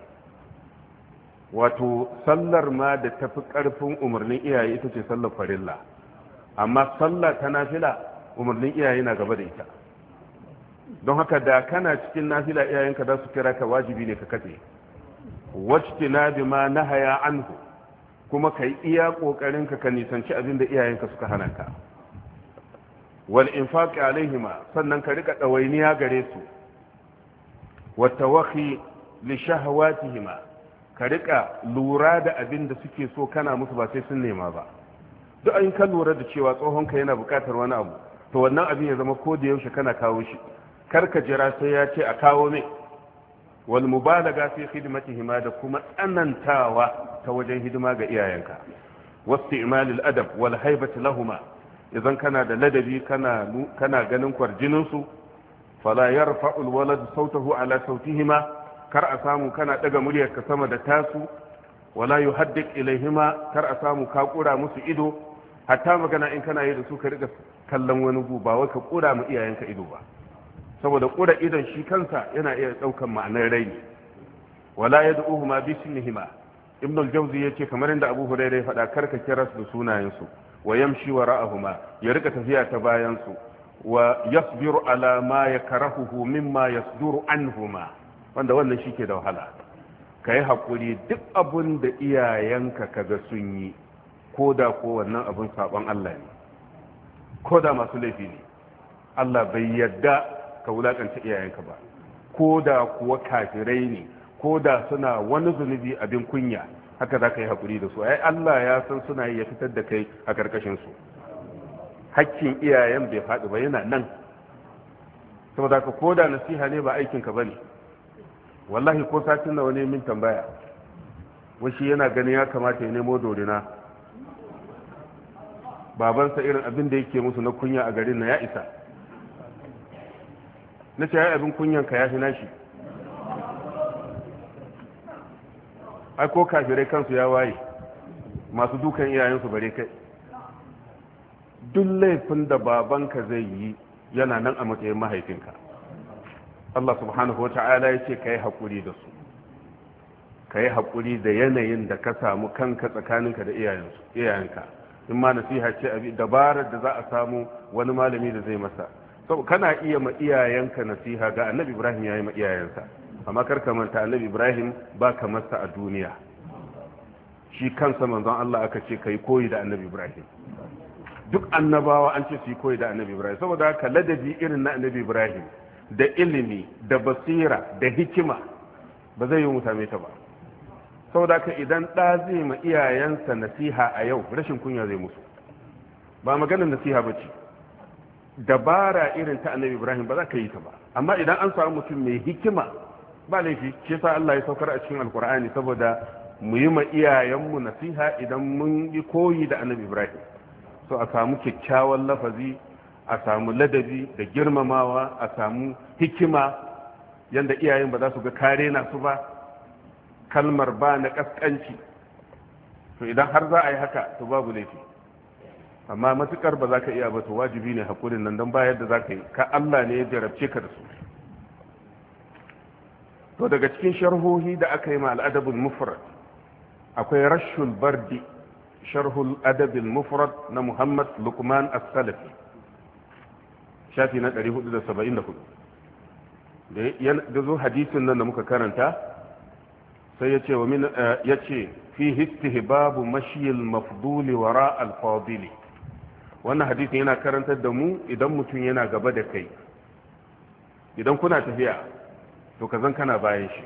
Speaker 1: wato sallar ma da tafi ƙarfin umarnin iyaye ita ce sallar farilla amma sallar ta nafila umarnin iyaye na gaba da ita don haka da kana cikin nafila iyayenka za su kira ka wajibi ne ka katse wacce na bi ma na haya anhu kuma ka yi iya ƙoƙarinka ka ka nisanci abin da iyayenka suka hana ka wal infaqi alaihima sannan ka rika ɗawainiya gare su wa tawakhi li shahawatihima ka rika lura da abin da suke so kana musu ba sai sun nema ba duk an ka lura da cewa tsohonka yana bukatar wani abu to wannan abin ya zama ko da yaushe kana kawo shi kar ka jira sai ya ce a kawo mai wal mubalaga fi hima da kuma tsanantawa ta wajen hidima ga iyayenka wasti'mal al adab wal haibati lahuma idan kana da ladabi kana kana ganin kwarjinin su fala yarfa'u al walad sautahu ala sautihima kar a samu kana daga muryarka sama da tasu wala ilai ilaihima kar a samu ka kura musu ido hatta magana in kana yi da su ka riga kallon wani gu ba wai ka kura mu iyayenka ido ba saboda kura idon shi kansa yana iya daukan ma'anar raini wala yad'uhuma bismihima ibn al-jawzi yace kamar inda abu hurairah ya faɗa kar ka kira su da sunayen su wa yamshi wara'ahuma ya rika tafiya ta bayan su wa yasbiru ala ma yakrahuhu mimma yasduru anhuma wanda wannan shi ke da wahala ka yi haƙuri duk abin da iyayenka ga sun yi ko da ko wannan abin saɓon Allah ne ko da masu laifi ne Allah bai yadda ka wulaƙanta iyayenka ba ko da kuwa kafirai ne ko da suna wani zunubi abin kunya haka za ka yi haƙuri da su ai Allah ya san suna yi ya fitar da kai a ƙarƙashinsu hakkin iyayen bai faɗi ba yana nan saboda ka ko da nasiha ne ba aikinka ba ne wallahi ko satin da wani min tambaya washi yana ganin ya kamata ya nemo dorina babansa irin abin da yake musu na kunya a garin na ya isa na ce ya abin ka ya fi nashi ai ko kafirai kansu ya waye masu dukan iyayensu bare kai duk laifin da babanka zai yi yana nan a matsayin mahaifinka Allah subhanahu wa ta'ala ya ce ka yi haƙuri da su ka yi haƙuri da yanayin da ka samu kanka tsakaninka da iyayenka in ma nasiha ce abi dabarar da za a samu wani malami da zai masa sau kana iya ma iyayenka nasiha ga annabi ibrahim ya yi ma iyayensa amma kar ka manta annabi ibrahim ba ka masa a duniya shi kansa manzon Allah aka ce ka yi koyi da annabi ibrahim duk annabawa an ce su yi koyi da annabi ibrahim saboda haka ladabi irin na annabi ibrahim da ilimi da basira da hikima ba zai yi mutane ta ba saboda ka idan ɗazi ma iyayensa nasiha a yau rashin kunya zai musu ba maganar nasiha ba ce dabara irin ta annabi ibrahim ba za ka yi ta ba amma idan an samu mutum mai hikima ba laifi shi sa Allah ya saukar a cikin alkur'ani saboda mu yi ma iyayenmu nasiha idan mun yi koyi da annabi ibrahim so a samu kyakkyawan lafazi a samu ladabi da girmamawa a samu hikima yadda iyayen ba za su ga kare na su ba kalmar ba na kaskanci to idan har za a yi haka to babu laifi amma matukar ba za ka iya ba to wajibi ne hakurin nan don bayar da za ka yi ka Allah ne ya jarabce ka da su to daga cikin sharhohi da aka yi ma al'adabin mufrad akwai rashul bardi sharhul adabul mufrad na Muhammad Luqman as-Salafi shafi na 474 da zo hadisin nan da muka karanta sai ya ce wa min eh, ya ce fi istihbabu mashiyil mafduli wara al wannan hadisin yana karantar da mu idan mutum yana gaba da kai idan kuna tafiya to zan kana bayan shi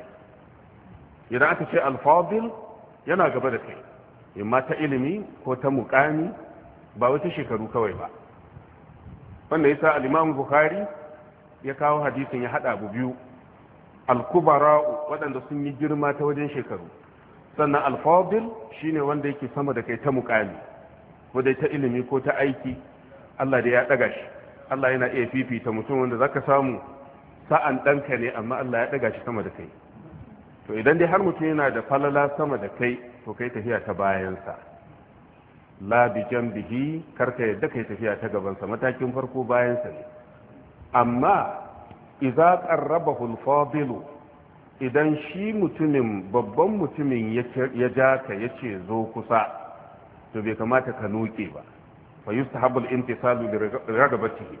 Speaker 1: idan aka ce al yana gaba da kai imma ta ilimi ko ta mukami ba wata shekaru kawai ba wanda ya sa al’imam Bukhari ya kawo hadisin ya haɗa abu biyu al waɗanda sun yi girma ta wajen shekaru sannan al shi ne wanda yake sama da kai ta mukami ko dai ta ilimi ko ta aiki Allah da ya ɗaga shi Allah yana iya fifita mutum wanda za ka samu sa'an ɗanka ne amma Allah ya ɗaga shi sama da kai to idan dai har mutum yana da falala sama da kai to kai tafiya ta bayansa la bi jambihi karka yadda kai tafiya ta gabansa matakin farko bayan sa ne amma idza qarrabahu al-fadilu idan shi mutumin babban mutumin ya ja ka ce zo kusa to bai kamata ka noke ba fa yustahabul intisalu bi ragabatihi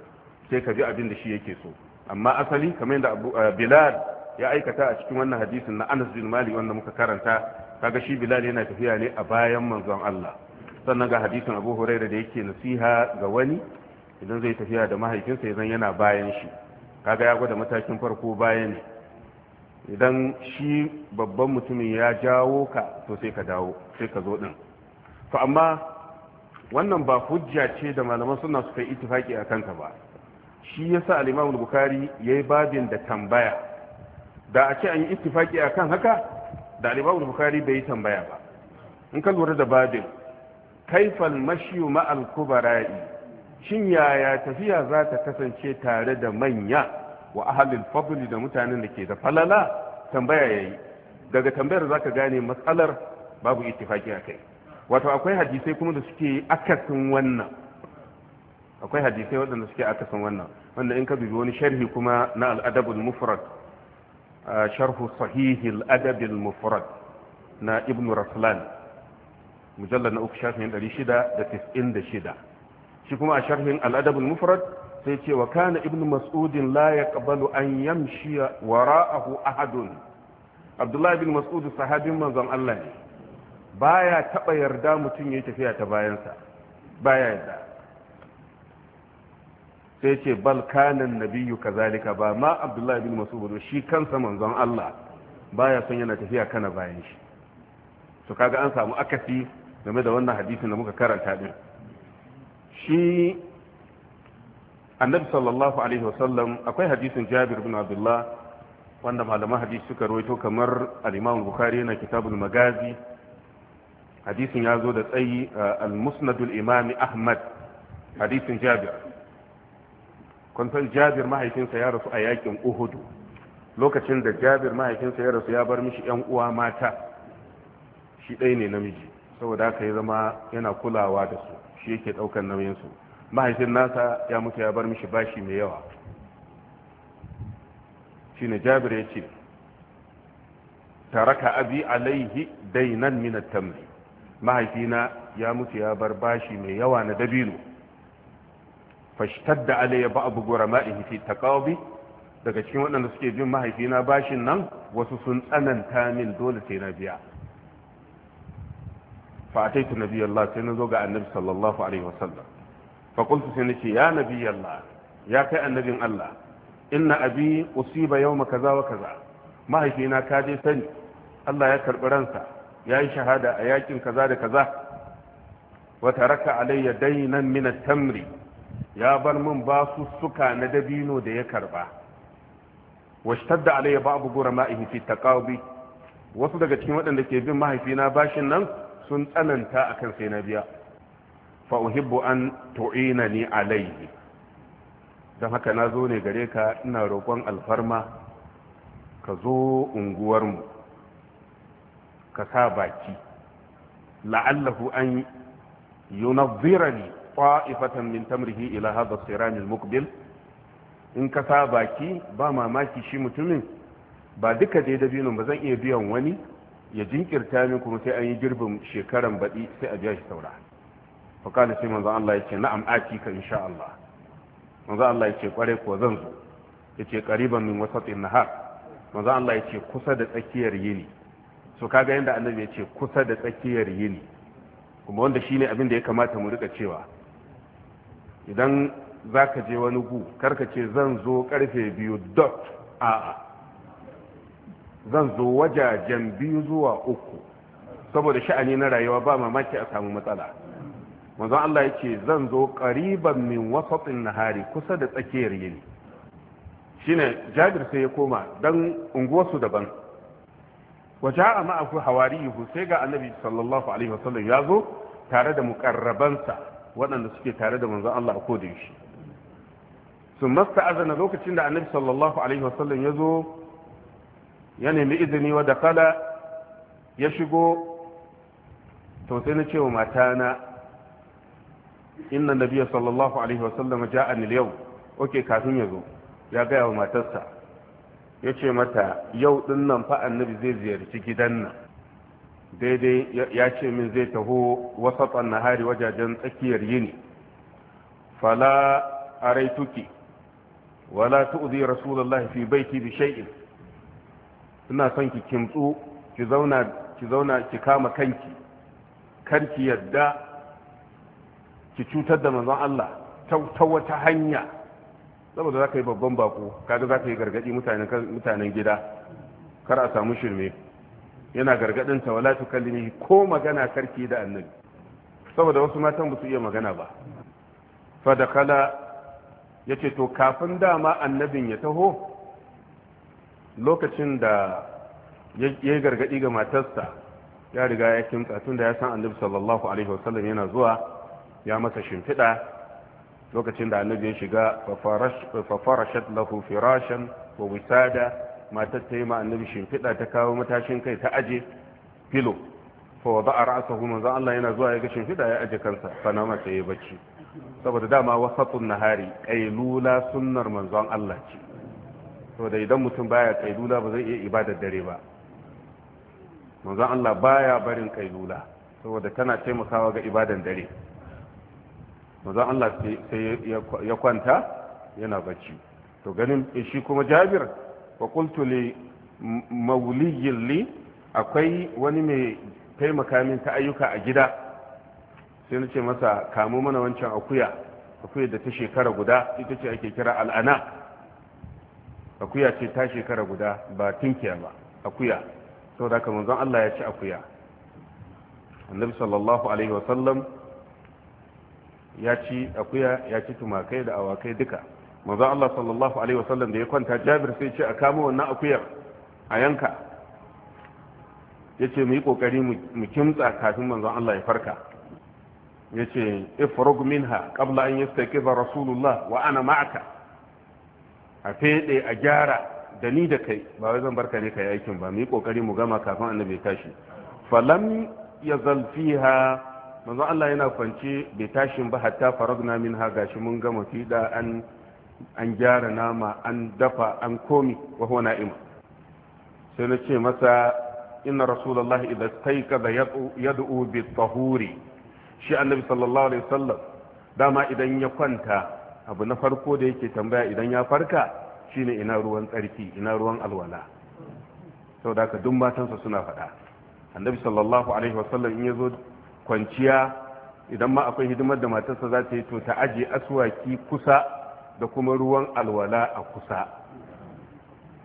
Speaker 1: sai ka ji abin da shi yake so amma asali kamar yadda eh, Bilal ya aikata a cikin wannan hadisin na Anas bin Malik wanda muka karanta kaga shi Bilal yana tafiya ne a bayan manzon Allah sannan ga hadisin abu huraira da yake nasiha ga wani idan zai tafiya da mahaifinsa ya zan yana bayan shi kaga ya gwada matakin farko bayan ne idan shi babban mutumin ya jawo ka to sai ka dawo sai ka zo din to amma wannan ba hujja ce da malaman suna suka yi itifaki a kanta ba shi yasa al-Imam al-Bukhari yayi babin da tambaya da a ce an yi ittifaki akan haka da al-Imam bai yi tambaya ba in ka lura da babin kaifal mashiyu ma'al kubara'i shin yaya tafiya za ta kasance tare da manya wa ahalil fadli da mutanen da ke da falala tambaya yi daga tambayar zaka gane matsalar babu ittifaki kai wato akwai hadisai kuma da suke akasin wannan akwai hadisai waɗanda suke akasin wannan wanda in ka dubi wani sharhi kuma na al mufrad sharhu sahih al-adab mufrad na ibn raslan mujallar na uku shafin shida shi kuma a sharhin al'adabul mufrad sai ce wa kana ibnu mas'udin la yaqbalu an yamshi wara'ahu ahadun abdullahi ibn mas'ud sahabin manzon Allah ne baya taba yarda mutum yayi tafiya ta bayansa baya yarda sai ce bal kana nabiyyu kazalika ba ma abdullahi ibn mas'ud shi kansa manzon Allah baya son yana tafiya kana bayan shi to kaga an samu akasi game da wannan hadisin da muka karanta din shi annabi sallallahu alaihi wasallam akwai hadisin jabir bin abdullah wanda malaman hadisi suka rawaito kamar al-imam bukhari na kitabul magazi hadisin ya zo da tsayi uh, al-musnadul imam ahmad hadisin jabir kwanton jabir mahaifinsa ya rasu a yakin uhudu lokacin da jabir mahaifinsa ya rasu ya bar mishi yan uwa mata shi ɗai ne namiji saboda aka ya zama yana kulawa da su shi yake nauyin nauyinsu mahaifin nasa ya mutu ya bar mishi bashi mai yawa shi ne jabir ya ce taraka abi alaihi dainan at-tamr mahaifina ya mutu ya bar bashi mai yawa na dabino fashtar da alayya ba abu fi taqawbi daga cikin waɗanda suke bin mahaifina bashin nan wasu sun tsananta min dole sai na biya fa ataitu nabiyallah sai na zo ga annabi sallallahu alaihi wasallam fa qultu sai nace ya nabiyallah ya kai annabin Allah inna abi usiba yawma kaza wa kaza mahaifina ka je sani Allah ya karbi ransa ya yi shahada a yakin kaza da kaza wa taraka alayya daynan min at-tamri ya bar min basu suka na dabino da ya karba washtadda alayya ba'd gurama'ihi fi taqabi wasu daga cikin waɗanda ke bin mahaifina bashin nan sun tsananta a kan sai na biya fa uhibbu an ni alayhi don haka na zo ne gare ka ina roƙon alfarma ka zo unguwarmu ka sa baki la'allahu an yunazzirani ta'ifatan min tamrihi ila hadha siran muqbil in ka sa baki ba mamaki shi mutumin ba duka dai dabinin ba zan iya biyan wani ya jinkirta min kuma sai an yi girbin shekaran baɗi sai a biya shi saura fakali sai manzo Allah ya ce na'am aki ka insha Allah manzo Allah ya ce kware kuwa zan zo ya ce qariban min wasatin nahar manzo Allah ya ce kusa da tsakiyar yini so kaga yanda annabi ya ce kusa da tsakiyar yini kuma wanda shine abin da ya kamata mu rika cewa idan zaka je wani gu karka ce zan zo karfe biyu dot a'a zan zo wajajen biyu zuwa uku saboda sha'ani na rayuwa ba mamaki a samu matsala manzo Allah ce zan zo ƙariban min na hari kusa da tsakiyar yini shine Jabir sai ya koma dan unguwarsu daban waja'a ma'ahu hawariyuhu sai ga annabi sallallahu alaihi wasallam ya zo tare da mukarrabansa waɗanda suke tare da manzon Allah a shi sun masta azana lokacin da annabi sallallahu alaihi wasallam ya zo ya nemi izini wa dakala ya shigo to sai na cewa matana inna nabiya sallallahu alaihi wasallam ja'a ni yau oke kafin ya zo ya gaya wa matarsa ya ce mata yau din nan fa annabi zai ziyarci gidan nan daidai ya ce min zai taho wasatan nahari wajajen tsakiyar yini fala araituki wala tu'zi rasulullahi fi baiti bi shay'in suna son ki kimtsu ki zauna ki zauna ki kama kanki kar ki yadda ki cutar da manzon Allah ta wata hanya saboda za ka yi babban bako kaga za ka yi gargadi mutanen gida kar a samu shirme yana gargadin ta wala kallimi ko magana karki da annabi saboda wasu matan ba su iya magana ba fa da kala yace to kafin dama annabin ya taho lokacin da ya gargaɗi ga matarsa ya riga ya kimta tun da ya san annabi sallallahu alaihi wasallam yana zuwa ya masa shimfiɗa lokacin da annabi ya shiga fafarashat lahu firashan wa wisada matar ta yi ma annabi shimfiɗa ta kawo matashin kai ta aje filo fa wa ba'a ra'sahu manzon Allah yana zuwa ya ga shimfiɗa ya aje kansa fa nama sai ya bacci saboda dama wasatun nahari lula sunnar manzon Allah ce da idan mutum baya kailula ba zai iya ibadar dare ba manzon Allah baya barin kailula saboda tana taimakawa ga ibadar dare manzon Allah sai ya kwanta yana bacci to ganin eh, shi kuma Jabir wa qultu li li akwai wani mai taimaka min ta ayyuka a gida sai na ce masa kamo mana wancan akuya akuya da ta shekara guda ita ce ake kira al'ana akuya ce ta shekara guda ba tinkiya ba akuya da haka manzon Allah ya ci akuya annabi sallallahu alaihi wasallam ya ci akuya ya ci tumakai da awakai duka manzon Allah sallallahu alaihi wasallam da ya kwanta Jabir sai ce a kama wannan akuyar a yanka yace mu yi kokari mu kimtsa kafin manzon Allah ya farka yace ifrug minha qabla an yastakiba rasulullah wa ana ma'aka a feɗe a gyara da ni da kai ba wai zan barka ne kai aikin ba mu yi kokari mu gama kafin annabi ya tashi falam ya zalfiha manzo Allah yana kwance bai tashin ba hatta faragna minha gashi mun gama fida an an gyara nama an dafa an komi wa huwa na'im sai na ce masa inna rasulullahi idza stayqadha yad'u bi tahuri shi annabi sallallahu alaihi wasallam dama idan ya kwanta abu na farko da yake tambaya idan ya farka shine ina ruwan tsarki ina ruwan alwala sau da aka dun matansa suna faɗa annabi sallallahu alaihi wasallam in ya zo kwanciya idan ma akwai hidimar da matarsa za ta yi to ta aje aswaki kusa da kuma ruwan alwala a kusa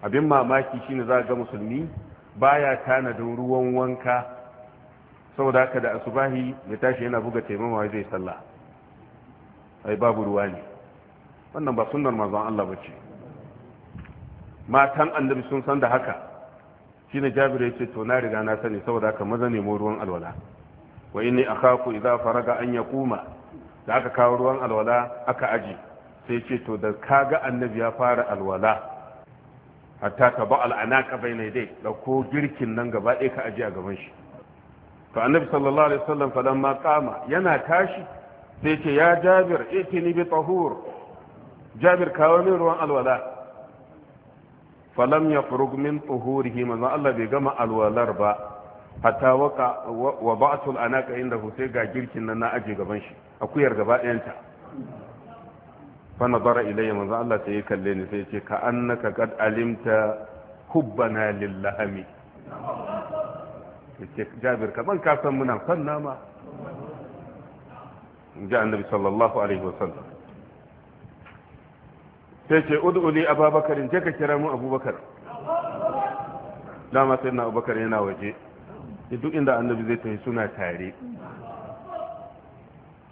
Speaker 1: abin mamaki shine za ga musulmi baya tanadin ruwan wanka Sau da aka da asubahi ya tashi yana buga taimama zai sallah ai babu ruwa ne wannan ba sunnar manzon Allah ba ce. matan annabi sun san da haka Shi shine jabir ce to na riga na sani saboda haka maza nemo ruwan alwala wa inni akhaku idza faraga an yaquma da aka kawo ruwan alwala aka aji sai ce to da kaga annabi ya fara alwala hatta ka ba al'anaka bai ne dai ko girkin nan gaba ɗaya ka aji a gaban shi to annabi sallallahu alaihi wasallam falan ma kama yana tashi sai ce ya jabir itini bi tahur جابر كاوي روان الولاء فلم يخرج من طهوره ما الله بجمع الولاء ربا حتى وقع وبعت الاناك عنده سيجا جيركن لنا اجي غبنشي اكو يرغبا انت فنظر الي ما الله سيكلني سيجي كانك قد علمت حبنا للهمي جابر كمان كاسم منا فنما جاء النبي صلى الله عليه وسلم sai ce ud'uli abubakar je ka kira mu abubakar dama sai na abubakar yana waje duk inda annabi zai tafi suna tare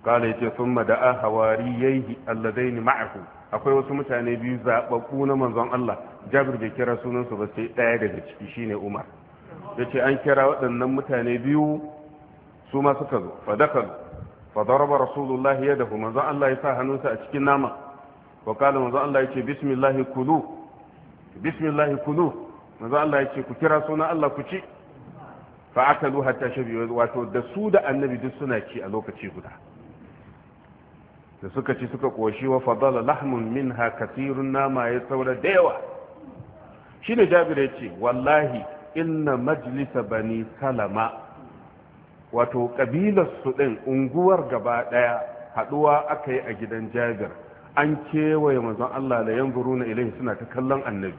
Speaker 1: kala yace thumma da'a hawariyaihi alladaini ma'ahu akwai wasu mutane biyu zaɓaɓɓu na manzon Allah Jabir bai kira sunan su ba sai ɗaya daga ciki shine Umar yace an kira waɗannan mutane biyu su ma suka zo fa dakal fa daraba rasulullahi yadahu manzon Allah ya sa hannunsa a cikin nama wa kala manzo Allah yace bismillah kulu bismillah kulu manzo Allah yace ku kira sunan Allah ku ci fa akalu hatta shabiyu wato da su da annabi duk suna ci a lokaci guda da suka ci suka koshi wa fadala min minha kathirun nama ya saura da yawa shine jabir yace wallahi inna majlisa bani kalama wato kabilar su unguwar gaba ɗaya haɗuwa aka yi a gidan jabir an kewaye manzon Allah da yan yanzuru na ilahi suna ta kallon annabi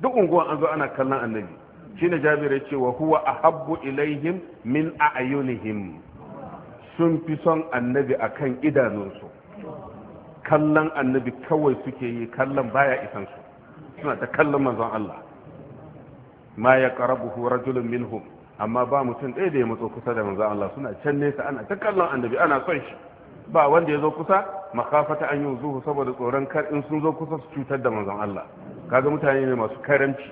Speaker 1: duk unguwa an zo ana kallon annabi shine jabir ya ce wa huwa ahabbu ilaihim min a'yunihim sun fi son annabi akan idanunsu kallon annabi kawai suke yi kallon baya isan su suna ta kallon manzon Allah ma ya hu rajulun minhum amma ba mutum ɗaya da ya matso kusa da manzon Allah suna can nesa ana ta kallon annabi ana son shi ba wanda ya zo kusa makafata an yi zuhu saboda tsoron kar in sun zo kusa su cutar da manzon Allah kaga mutane ne masu karamci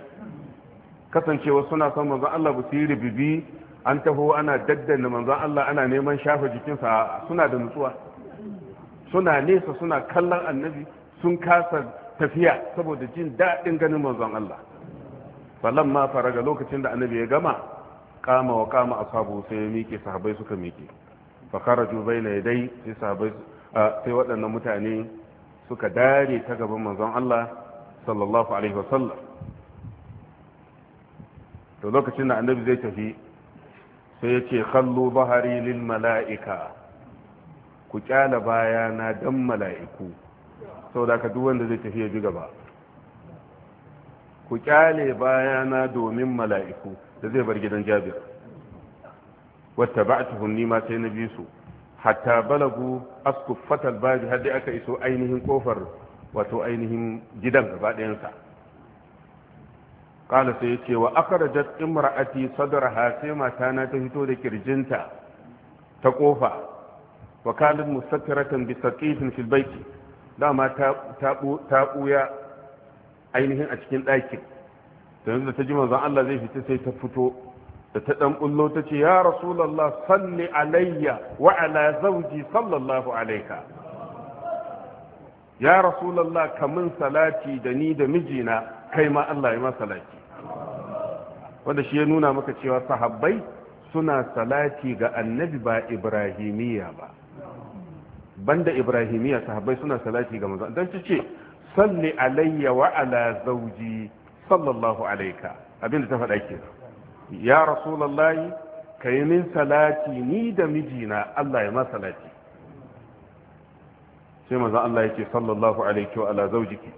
Speaker 1: kasancewa suna son manzon Allah ba su yi an taho ana daddana manzon Allah ana neman shafa jikinsa suna da nutsuwa suna nesa suna kallon annabi sun kasa tafiya saboda jin daɗin ganin manzon Allah falan ma faraga lokacin da annabi ya gama kama wa kama ashabu sai ya miƙe sahabbai suka miƙe fakaraju bai na dai sai waɗannan mutane suka dare ta gaban manzon Allah sallallahu alaihi wasallam to lokacin da annabi zai tafi sai ya ce kallo bahari lil mala'ika ku kyala baya na dan mala'iku sau da ka wanda zai tafi ya ji gaba ku kyale baya na domin mala'iku da zai bar gidan jabir wata ba'atuhum nima sai na bi su hatta balagu askuffatal babi har dai aka iso ainihin kofar wato ainihin gidan gaba ɗayansa kala sai yace wa akhrajat imra'ati sadraha sai mata na ta fito da kirjinta ta kofa wa kanat mustattiratan bi saqitin fil baiti dama ta ta buya ainihin a cikin ɗakin da yanzu ta ji manzon Allah zai fita sai ta fito da ta dan bullo ta ce ya rasulullah salli alayya wa ala zawji sallallahu alayka ya rasulullah kamun salati da ni da mijina kai ma Allah ya ma salati wanda shi ya nuna maka cewa sahabbai suna salati ga annabi ba ibrahimiya ba banda ibrahimiya sahabbai suna salati ga manzon dan ce salli alayya wa ala zawji sallallahu alayka abinda ta faɗa kenan ya rasulallahi ka yi min salati ni da mijina Allah ya masa salati sai manzon Allah ya ce sallallahu alaihi wa ala zawjiki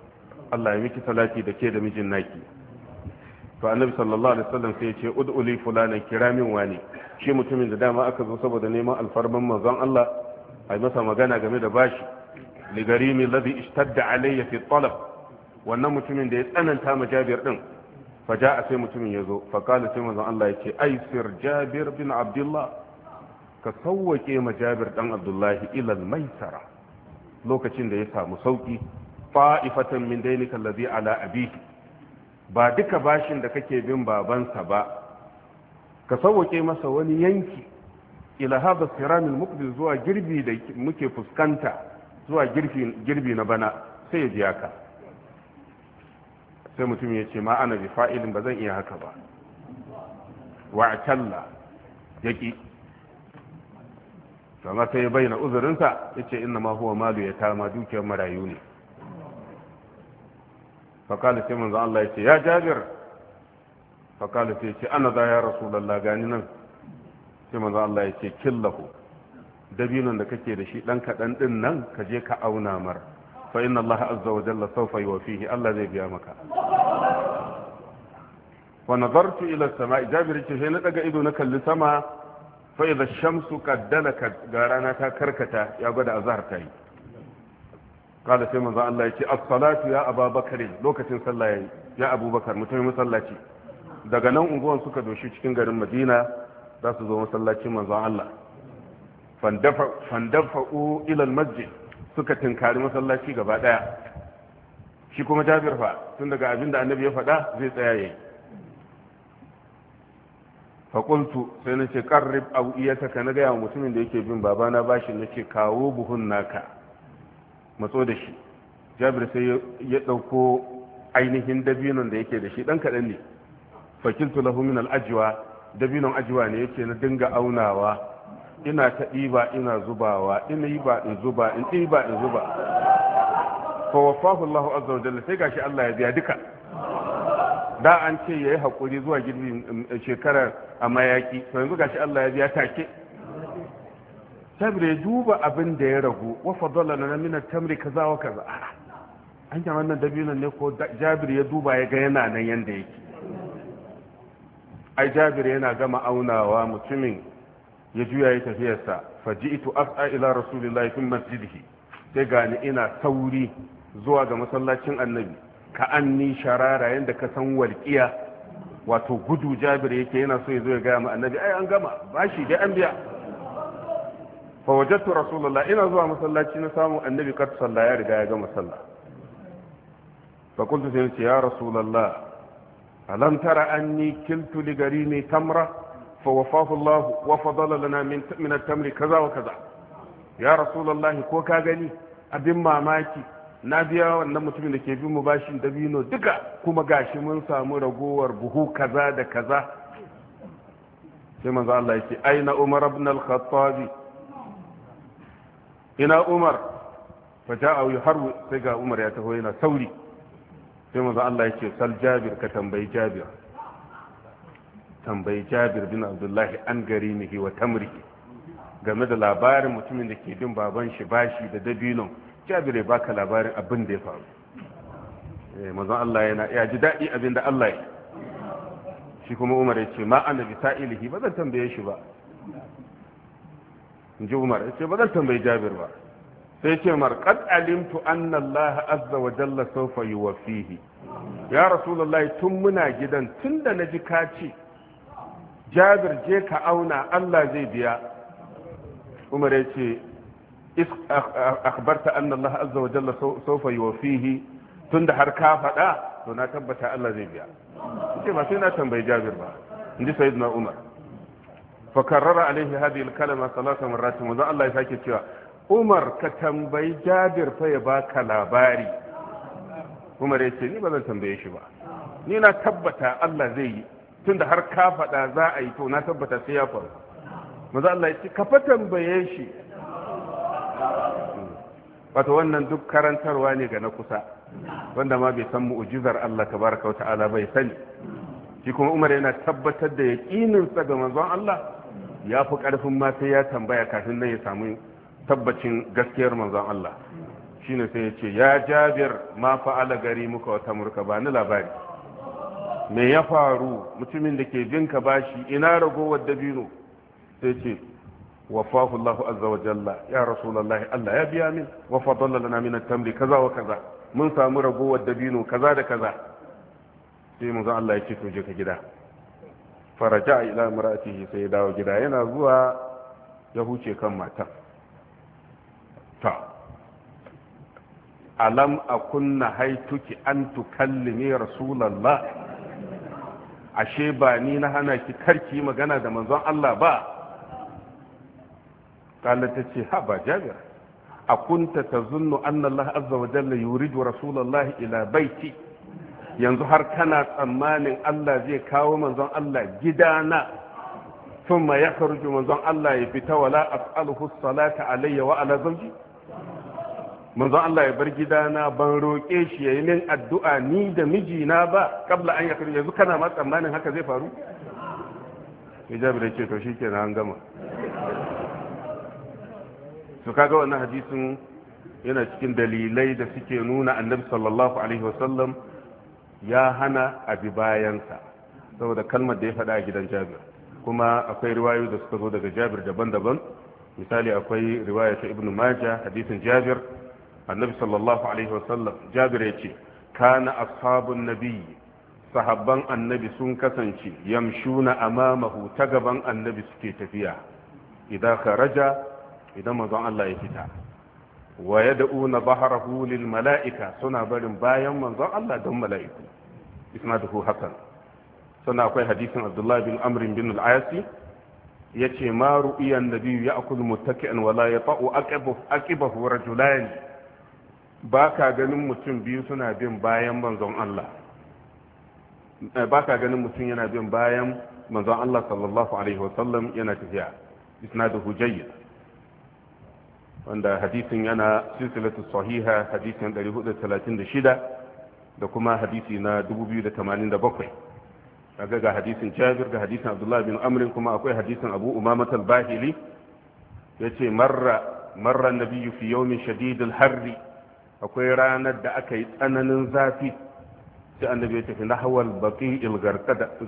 Speaker 1: Allah ya miki salati da ke da mijin naki to annabi sallallahu alaihi wasallam sai ya ce ud'u li kira min wani shi mutumin da dama aka zo saboda neman alfarman manzon Allah ai masa magana game da bashi li garimi alladhi ishtadda alayya fi talab wannan mutumin da ya tsananta ma Jabir din faja sai mutumin ya zo faƙali sai manzon Allah ya ce aisir jabir bin abdullah ka sauwaƙe ma jabir ɗan abdullahi ilal maisara lokacin da ya samu sauƙi fa'ifatan min dainika allazi ala abi ba duka bashin da kake bin babansa ba ka sauwaƙe masa wani yanki ila hada siramil mukbil zuwa fuskanta zuwa girbi na bana sai ya biya ka sai mutum ya ce ma ana bi fa'ilin ba zan iya haka ba wa talla ya ƙi sama sai ya bayyana uzurinsa ya ce ina ma huwa malu ya tama dukiyar marayu ne fakali sai manzan Allah ya ce ya jajir fakali sai ya ce ana za ya rasu lalla gani nan sai manzan Allah ya ce killahu dabinan da kake da shi ɗan kaɗan ɗin nan ka je ka auna mara fa inna azza wa jalla sawfa yuwafihi Allah zai biya maka wa nazartu ila samai jabir ce sai na daga ido na kalli sama fa idha shamsu qaddala ga rana ta karkata ya gwada azhar ta yi قال سيما ذا الله يتي الصلاة يا أبا بكر لوكة صلى يا أبو بكر daga nan unguwan suka doshi cikin garin madina za su zo masallacin manzon Allah fandafa'u ilal masjid suka tunkari masallaci gaba daya shi kuma jabir fa tun daga abin da annabi ya faɗa zai tsaya yayi faƙuntu sai na ce ƙarrib abu ka na gaya wa mutumin da yake bin babana bashi na ce kawo buhun naka matso da shi jabir sai ya ɗauko ainihin dabinon da yake da shi ɗan kaɗan ne fakiltu lahu min al'ajiwa dabinon ajiwa ne yake na dinga aunawa ina ta ɗiba ina zubawa ina yi ba in zuba in ɗiba in zuba fa wafahu Allah azza wa jalla sai gashi Allah ya biya duka da an ce yayi hakuri zuwa girbin um, shekarar a mayaki to yanzu gashi Allah ya biya take saboda duba abin da ya ragu wa fadalla lana min at-tamri kaza wa kaza an ga wannan dabinan ne ko Jabir ya duba ya ga yana nan yanda yake ai Jabir yana gama aunawa mutumin ya juya ya tafiyarsa faji'tu as'a ila rasulillahi fi masjidihi sai gani ina sauri zuwa ga masallacin annabi ka anni sharara yanda ka san walqiya wato gudu jabir yake yana so ya zo ya ga mu annabi ai an gama bashi dai an biya fa wajadtu rasulullahi ina zuwa masallaci na samu annabi kar sallah ya riga ya gama sallah fa qultu sai ya rasulullah alam tara anni kiltu li ne tamra فوفاه الله وفضل wa من من التمر كذا وكذا يا kaza wa kaza ya غني ko ka gani abin mamaki na biya wannan mutumin da ke bin mu bashin dabino duka kuma gashi mun samu ragowar buhu kaza da kaza sai manzo Allah yake aina Umar ibn al-Khattab ina Umar fa ja'a yuharwi sai ga Umar ya taho yana sauri sai manzo Allah yake sal Jabir ka tambayi Jabir tambayi jabir bin abdullahi an gari mihi wa tamrihi game da labarin mutumin da ke bin baban shi bashi da dabinon jabir ya baka labarin abin da ya faru eh, mazan Allah yana ya ji daɗi abin da Allah ya shi kuma umar ya ce ma'an ma annabi sa'ilihi ba zan tambaye shi ba in ji umar ya ce ba zan tambayi jabir ba sai ce mar qad alimtu anna Allah azza wa jalla sawfa yuwaffihi ya rasulullahi tun muna gidan tun da ji ka ce jabir je ka auna Allah zai biya umar ya ce akhbarta anna Allah azza wa jalla sawfa yuwaffihi tunda har ka faɗa to na tabbata Allah zai biya ce ba sai na tambayi jabir ba inji sayyidina umar fa karrara alaihi hadhihi al-kalama salasa marratin wa Allah ya sake cewa umar ka tambayi jabir fa ya baka labari umar ya ce ni ba zan tambaye shi ba ni na tabbata Allah zai yi da har ka faɗa za a yi to na tabbata sai ya faru maza Allah ya ce ka fa tambaye shi wato wannan duk karantarwa ne ga na kusa wanda ma bai san mu'ujizar Allah tabaraka wa ta'ala bai sani shi kuma Umar yana tabbatar da yaqinin sa ga manzon Allah ya fi karfin ma sai ya tambaya kafin nan ya samu tabbacin gaskiyar manzon Allah shine sai ya ce ya Jabir ma fa'ala gari muka wata tamurka ba ni labari me ya faru mutumin da ke bin bashi ina ragowar dabino sai ce wafahu Allah azza wa jalla ya rasulullahi Allah ya biya min wa fadalla lana min tamri kaza wa kaza mun samu ragowar dabino kaza da kaza sai mun Allah ya ce to je ka gida faraja ila imra'atihi sai dawo gida yana zuwa ya huce kan matan ta alam akunna haituki an tukallimi ashe ba ni na hana ki karki magana da manzon Allah ba kala ta ce ha ba jabir a kunta ta zunnu anna Allah azza wa jalla yuridu rasulullahi ila baiti yanzu har kana tsammanin Allah zai kawo manzon Allah gidana ثم يخرج manzon Allah ya fita wala as'aluhu salata alayya wa ala zawji manzo Allah ya bar gidana ban roƙe shi yayi min addu'a ni da mijina ba kabla an yakuru yanzu kana ma tsammanin haka zai faru jabir ya ce to kenan an gama to kaga wannan hadisin yana cikin dalilai da suke nuna annabi sallallahu alaihi wasallam ya hana abi bayansa saboda kalmar da ya faɗa a gidan jabir kuma akwai riwayoyi da suka zo daga jabir daban-daban misali akwai riwaya ta ibnu majah hadisin jabir annabi sallallahu alaihi wasallam jabir ya ce kana ashabun nabi sahabban annabi sun kasance yamshuna amamahu ta gaban annabi suke tafiya idan raja idan mazan Allah ya fita wa yad'una bahrahu lil mala'ika suna barin bayan manzon Allah don mala'iku isnaduhu hasan suna akwai hadisin Abdullah bin Amr bin al-Ayasi yace ma ru'iya annabi ya'kul muttaki'an wa la yata'u aqibahu aqibahu rajulan ba ka ganin mutum biyu suna bin bayan manzon Allah eh, ba ka ganin mutum yana bin bayan manzon Allah sallallahu alaihi wasallam yana tafiya isnaduhu jayyid wanda hadisin yana silsilatu sahiha hadisin 436 da kuma hadisi na 2087 kaga ga hadisin Jabir ga hadisin Abdullah bin Amr kuma akwai hadisin Abu Umamah al-Bahili yace marra marra an-nabiyyu fi yawmin shadid harri akwai ranar da aka yi tsananin zafi sai annabi ya tafi nahawal baqi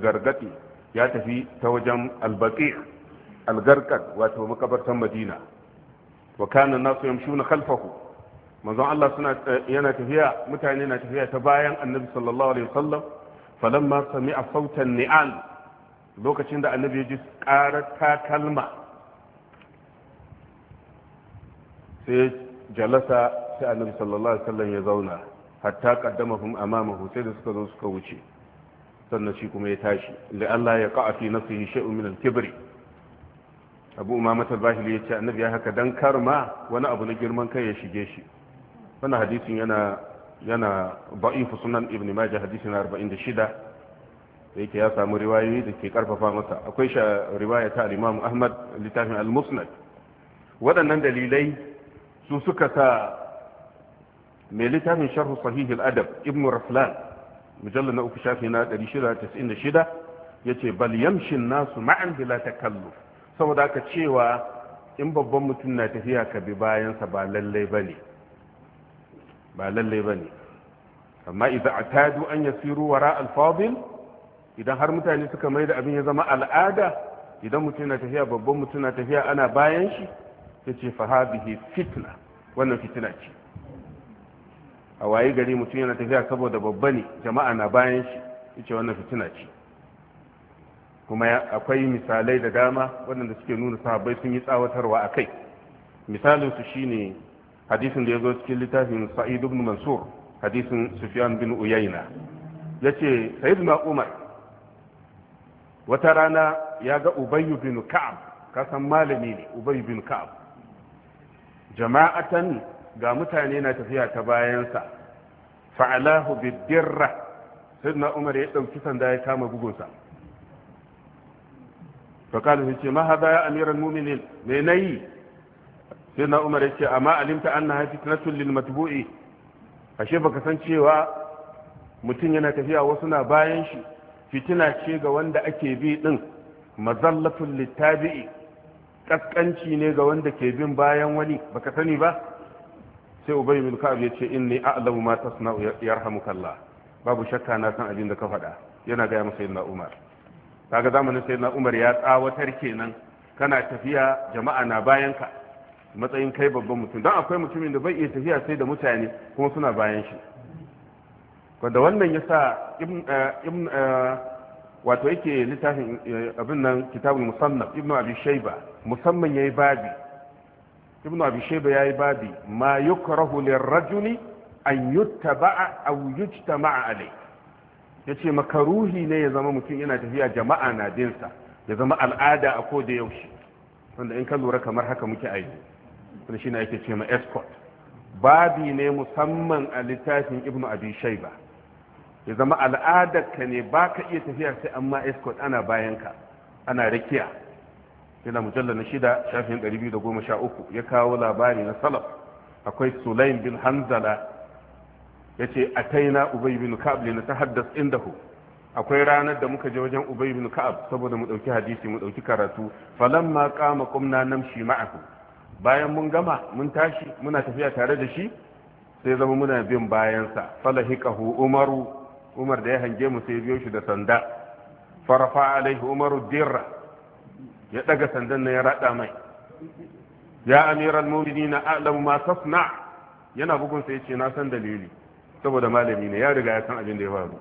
Speaker 1: gargadi ya tafi ta wajen albaqi algarkad wato makabartan madina wa kana nasu yamshuna khalfahu manzon Allah suna eh, yana tafiya mutane na tafiya ta bayan annabi sallallahu alaihi wasallam falamma sami'a sautan ni'al lokacin da annabi ya ji karar takalma sai jalasa sai annabi sallallahu alaihi ya zauna hatta qaddamahum amamahu sai da suka zo suka wuce sannan shi kuma ya tashi da Allah ya qa'a fi nafsihi shay'un min al-kibri Abu Umama bahili ya ce annabi ya haka dan karma wani abu na girman kai ya shige shi wannan hadisin yana yana da'ifu sunan ibn majah hadisin 46 da yake ya samu riwayoyi da ke karfafa masa akwai sha riwaya ta imam Ahmad littafin al-Musnad waɗannan dalilai su suka sa mai littafin sharhu sahihul adab ibn raflan mujallal na uku shafi na 696 yace bal yamshin nasu ma'an bila takalluf saboda aka cewa in babban mutum na tafiya ka bi bayansa ba lallai bane ba lallai bane amma idza atadu an yasiru wara al-fadil idan har mutane suka mai da abin ya zama al'ada idan mutum na tafiya babban mutum na tafiya ana bayan shi yace fa hadhihi fitna wannan fitina ce a waye gari mutum yana tafiya saboda babba ne jama'a na bayan shi ita wannan fitina ce kuma akwai misalai da dama waɗanda suke nuna sahabbai sun yi tsawatarwa a kai su shine hadisin da ya zo cikin littafin sa'id ibn mansur hadisin sufyan bin uyayna yace sayyidina umar wata rana ya ga ubayy bin ka'ab kasan malami ne ubayy bin ka'ab jama'atan ga mutane na tafiya ta bayansa fa'alahu bidirra na umar ya ɗauki sanda ya kama bugunsa fa sai ce ma haza ya amiran mu'minin yi nayi na umar ya ce amma alimta anna fitnatul lil matubu'i ashe baka san cewa mutum yana tafiya wasu na bayan shi fitina ce ga wanda ake bi ɗin mazallatun littabi'i ƙaƙƙanci ne ga wanda ke bin bayan wani baka sani ba sai ubay bin ka'ab ya ce inni a'lamu ma tasna'u yarhamukallah babu shakka na san abin da ka faɗa yana ga masa sayyidina umar kaga zamanin sayyidina umar ya tsawatar kenan kana tafiya jama'a na bayan ka matsayin kai babban mutum dan akwai mutumin da bai iya tafiya sai da mutane kuma suna bayan shi da wannan ya sa eh, eh, wato yake littafin eh, abin nan kitabul musannaf ibnu abi shayba musamman yayi babi ibn abi shayba yayi babi ma yukrahu lirrajuli an yuttaba'a aw yujtama'a alai yace makaruhi ne ya zama mutum yana tafiya jama'a na dinsa ya zama al'ada a ko da yaushe wanda in ka lura kamar haka muke aiki wanda shine ake ce ma escort babi ne musamman a littafin ibn abi shayba ya zama al'adarka ne baka iya tafiya sai amma escort ana bayanka ana rakiya yana mujallar na shida shafin 213 ya kawo labari na salaf akwai sulaim bin hanzala ya ce a taina ubay bin ka'ab ne na tahaddas indahu akwai ranar da muka je wajen ubai bin ka'ab saboda mu ɗauki hadisi mu ɗauki karatu falamma qama qumna namshi ma'ahu bayan mun gama mun tashi muna tafiya tare da shi sai zama muna bin bayansa falahiqahu umaru umar da ya hange mu sai biyo shi da sanda farafa alaihi umaru dirra ya daga sandan nan ya rada mai ya amiral na a'lamu ma tasna yana bugun sai yace na san dalili saboda malami ne ya riga ya san abin da ya faru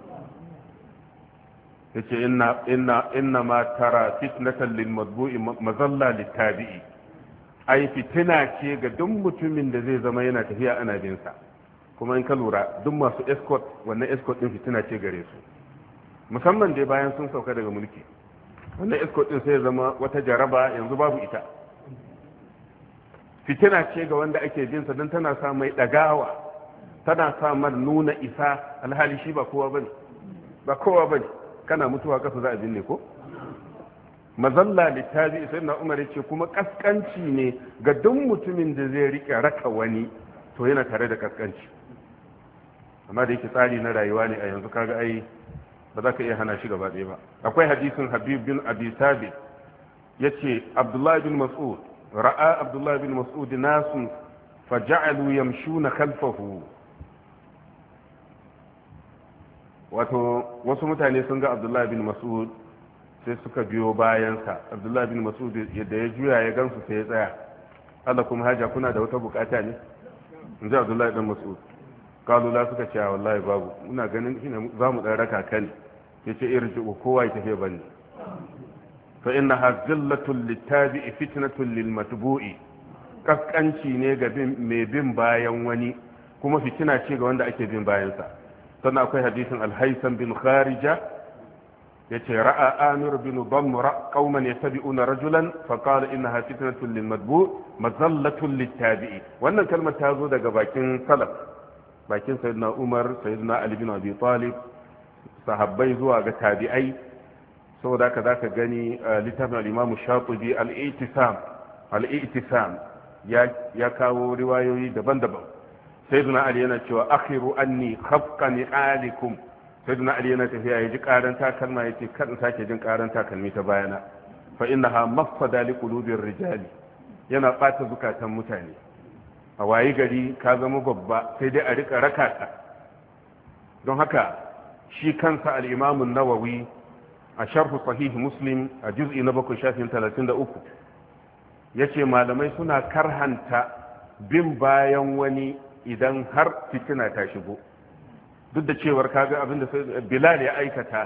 Speaker 1: yace inna inna inna ma tara fitnatan lil madbu'i mazalla lit tabi'i ai fitina ce ga duk mutumin da zai zama yana tafiya ana bin sa kuma in ka lura duk masu escort wannan escort din fitina ce gare su musamman dai bayan sun sauka daga mulki wannan escort din sai ya zama wata jaraba yanzu babu ita fitina ce ga wanda ake jin sa don tana sa mai dagawa tana sa mar nuna isa alhali shi ba kowa bane ba kowa bane kana mutuwa kasa za a binne ko mazalla littabi sai na umar ce kuma kaskanci ne ga duk mutumin da zai rike raka wani to yana tare da kaskanci amma da yake tsari na rayuwa ne a yanzu kaga ai ba za ka iya hana shi gaba ɗaya ba akwai hadisin habib bin abi sabi yace abdullahi bin mas'ud ra'a abdullahi bin mas'ud fa faja'alu yamshuna khalfahu wato wasu mutane sun ga abdullahi bin mas'ud sai suka biyo bayansa abdullahi bin mas'ud yadda ya juya ya gansu sai ya tsaya Allah kuma haja kuna da wata bukata ne in ji abdullahi bin mas'ud kalula suka ce ah, wallahi babu muna ganin shi ne za mu ɗan raka kan ya ce irin jiɓo kowa ya tafiya bane fa inna ha zillatun littabi fitnatun kaskanci ne ga mai bin bayan wani kuma fitina ce ga wanda ake bin bayansa sannan akwai hadisin alhaisan bin kharija ya ce ra'a amir bin damra qauman yattabi'una rajulan fa qala innaha fitnatun lil matbu' mazallatun littabi'i wannan kalmar ta zo daga bakin salaf bakin sayyidina umar sayyidina ali bin abi talib sahabbai zuwa ga tabi'ai saboda ka zaka gani eh, littafin al-imam shatibi al-i'tisam al-i'tisam ya ya kawo riwayoyi daban-daban sayyidina ali yana cewa akhiru anni khafqani alikum sayyidina ali yana tafiya yaji karan takalma yace kar in sake jin karan takalmi ta bayana fa innaha mafsada liqulubir rijali yana bata zukatan mutane a wayi gari ka zama babba sai dai a rika raka ta don haka shi kansa al'imamun nawawi a sharhu sahih muslim a juz'i na bakwai shafin 33 ya ce malamai suna karhanta bin bayan wani idan har fitina ta shigo duk da cewar kaga abin da bilal ya aikata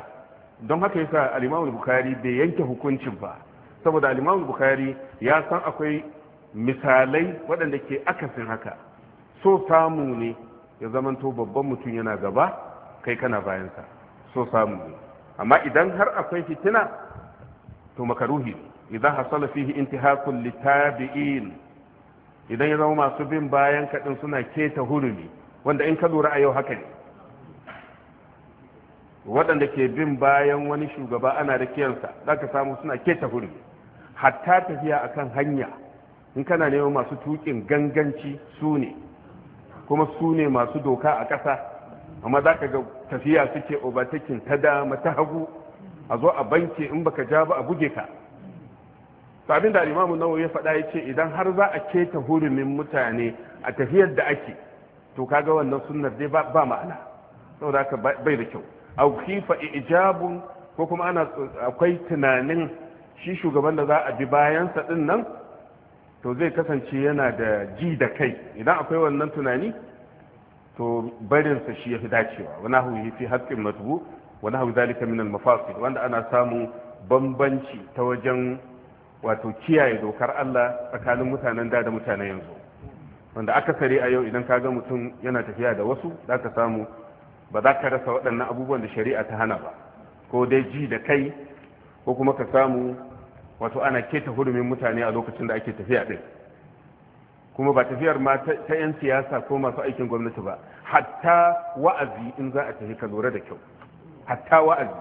Speaker 1: don haka yasa al-imam bukhari bai yanke hukuncin ba saboda al-imam bukhari ya san akwai misalai waɗanda ke akasin haka so samu ne ya zamanto babban mutum yana gaba kai kana bayansa so samu ne amma idan har akwai fitina to makaruhi idan hasala fihi intihakul litabi'in idan ya zama masu bin bayan kaɗin suna keta hurumi wanda in ka lura a yau haka ne waɗanda ke bin bayan wani shugaba ana da kiyansa za ka samu suna keta hurumi hatta tafiya akan hanya in kana neman masu tukin ganganci su ne kuma su ne masu doka a ƙasa amma za ka ga tafiya suke obatakin ta dama ta hagu a zo a banke in baka ja ba a buge ka abin da imamu nawa ya faɗa ya ce idan har za a keta hurumin mutane a tafiyar da ake to kaga wannan sunnar dai ba ma'ana saboda haka bai da kyau a kifa ijabun ko kuma ana akwai tunanin shi shugaban da za a bi bayansa din nan to zai kasance yana da ji da kai idan akwai wannan tunani to barinsa shi ya fi dacewa wani hau yi fi haƙƙin matubu wani hau zalika minal mafasid wanda ana samun bambanci ta wajen wato kiyaye dokar Allah tsakanin mutanen da da mutanen yanzu wanda aka sare a yau idan ka ga mutum yana tafiya da wasu za ka samu ba za ka rasa waɗannan abubuwan da shari'a ta hana ba ko dai ji da kai ko kuma ka samu wato ana keta hurumin mutane a lokacin da ake tafiya din kuma ba tafiyar ma ta 'yan siyasa ko masu aikin gwamnati ba hatta wa'azi in za a tafi ka lura da kyau hatta wa'azi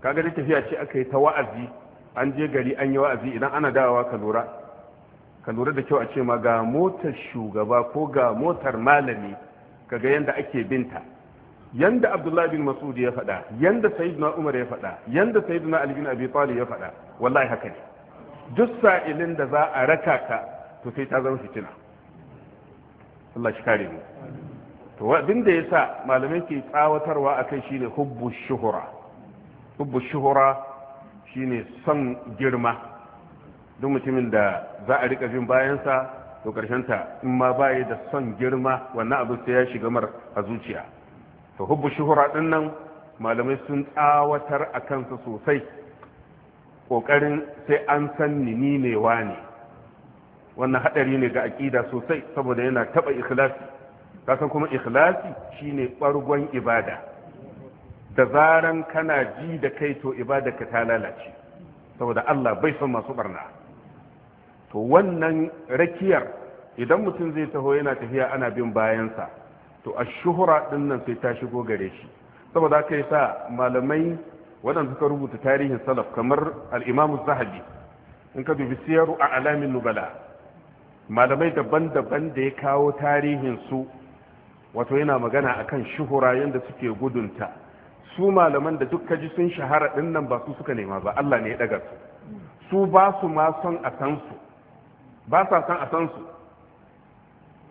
Speaker 1: kaga gani tafiya ce aka yi ta wa'azi an je gari an yi wa'azi idan ana dawowa ka lura ka lura da kyau a ce ma ga motar shugaba ko ga motar malami ga yadda ake binta yanda abdullahi bin mas'ud ya faɗa yanda sayyidina umar ya faɗa yanda sayyidina ali bin abi talib ya faɗa wallahi haka ne duk sa'ilin da za a raka ka to sai ta zama fitina Allah shi kare mu to abin da yasa malamai ke tsawatarwa akai shine hubbu shuhura hubbu shuhura shine son girma duk mutumin da za a rika jin bayansa to karshen ta in ma baya da son girma wannan abin sai ya shiga mar a zuciya to hubbu shuhura din nan malamai sun tsawatar a kansa sosai ƙoƙarin sai an san ni ne ne wannan haɗari ne ga aƙida sosai saboda yana taɓa ikhlasi kasan kuma ikhlasi shine ɓargon ibada da zaran kana ji da kai to ibada ka ta lalace saboda Allah bai son masu ɓarna. to wannan rakiyar idan mutum zai taho yana tafiya ana bin bayansa to a shuhura dinnan sai ta shigo gare shi saboda aka yi sa malamai waɗanda suka rubuta tarihin salaf kamar al'imamu zahabi in ka dubi siyaru a alamin nubala malamai daban-daban da ya kawo tarihinsu wato yana magana akan shuhura yadda suke gudunta su malaman da duk kaji sun shahara dinnan ba su suka nema ba Allah ne ya ɗaga su su ba su ma son a san su ba sa a san su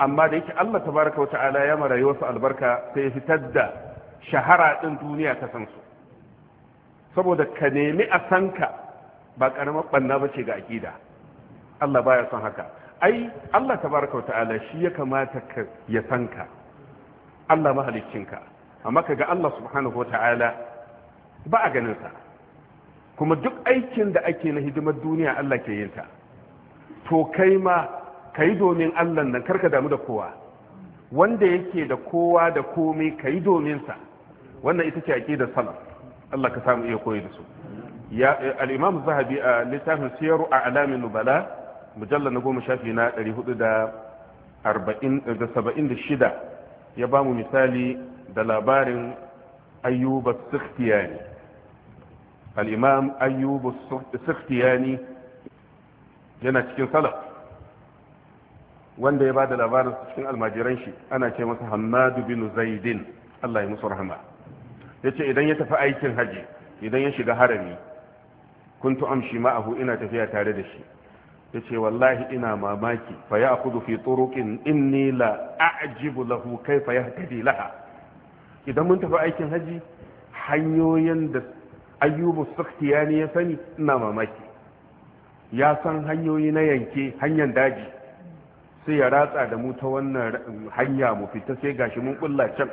Speaker 1: amma da yake Allah tabaraka wa ta'ala ya marayi wasu albarka sai fitar da shahara ɗin duniya ta san su saboda ka nemi a sanka ba karamar banna ba ce ga aƙida Allah baya son haka ai Allah tabaraka wa shi ya kamata ka ya sanka Allah mahalicinka amma ga Allah subhanahu wa ta'ala ba a ganin kuma duk aikin da ake na hidimar duniya Allah ke yin ta to kai ma ka yi domin allah nan karka damu da kowa wanda yake da kowa da komai ka yi dominsa wannan ita ce da salaf allah ka samu iya koyi da su al'imam zahabi a littafin siyaru a alamin nubala mujallar na goma shafi na 476 ya ba mu misali da labarin ayyuba sikhtiyani al'imam sikhtiyani yana cikin salaf wanda ya ba da labarin cikin almajiran shi ana ce masa Hammadu bin Zaidin Allah ya musu rahama yace idan ya tafi aikin haji idan ya shiga harami kuntu amshi ma'ahu ina tafiya tare da shi yace wallahi ina mamaki fa kudu fi turuqin inni la a'jibu lahu kayfa yahtadi laha idan mun tafi aikin haji hanyoyin da ayyubu sakhtiyani ya sani ina mamaki ya san hanyoyi na yanke hanyar daji sai ya ratsa da mu ta wannan hanya mu fita sai gashi mun kulla can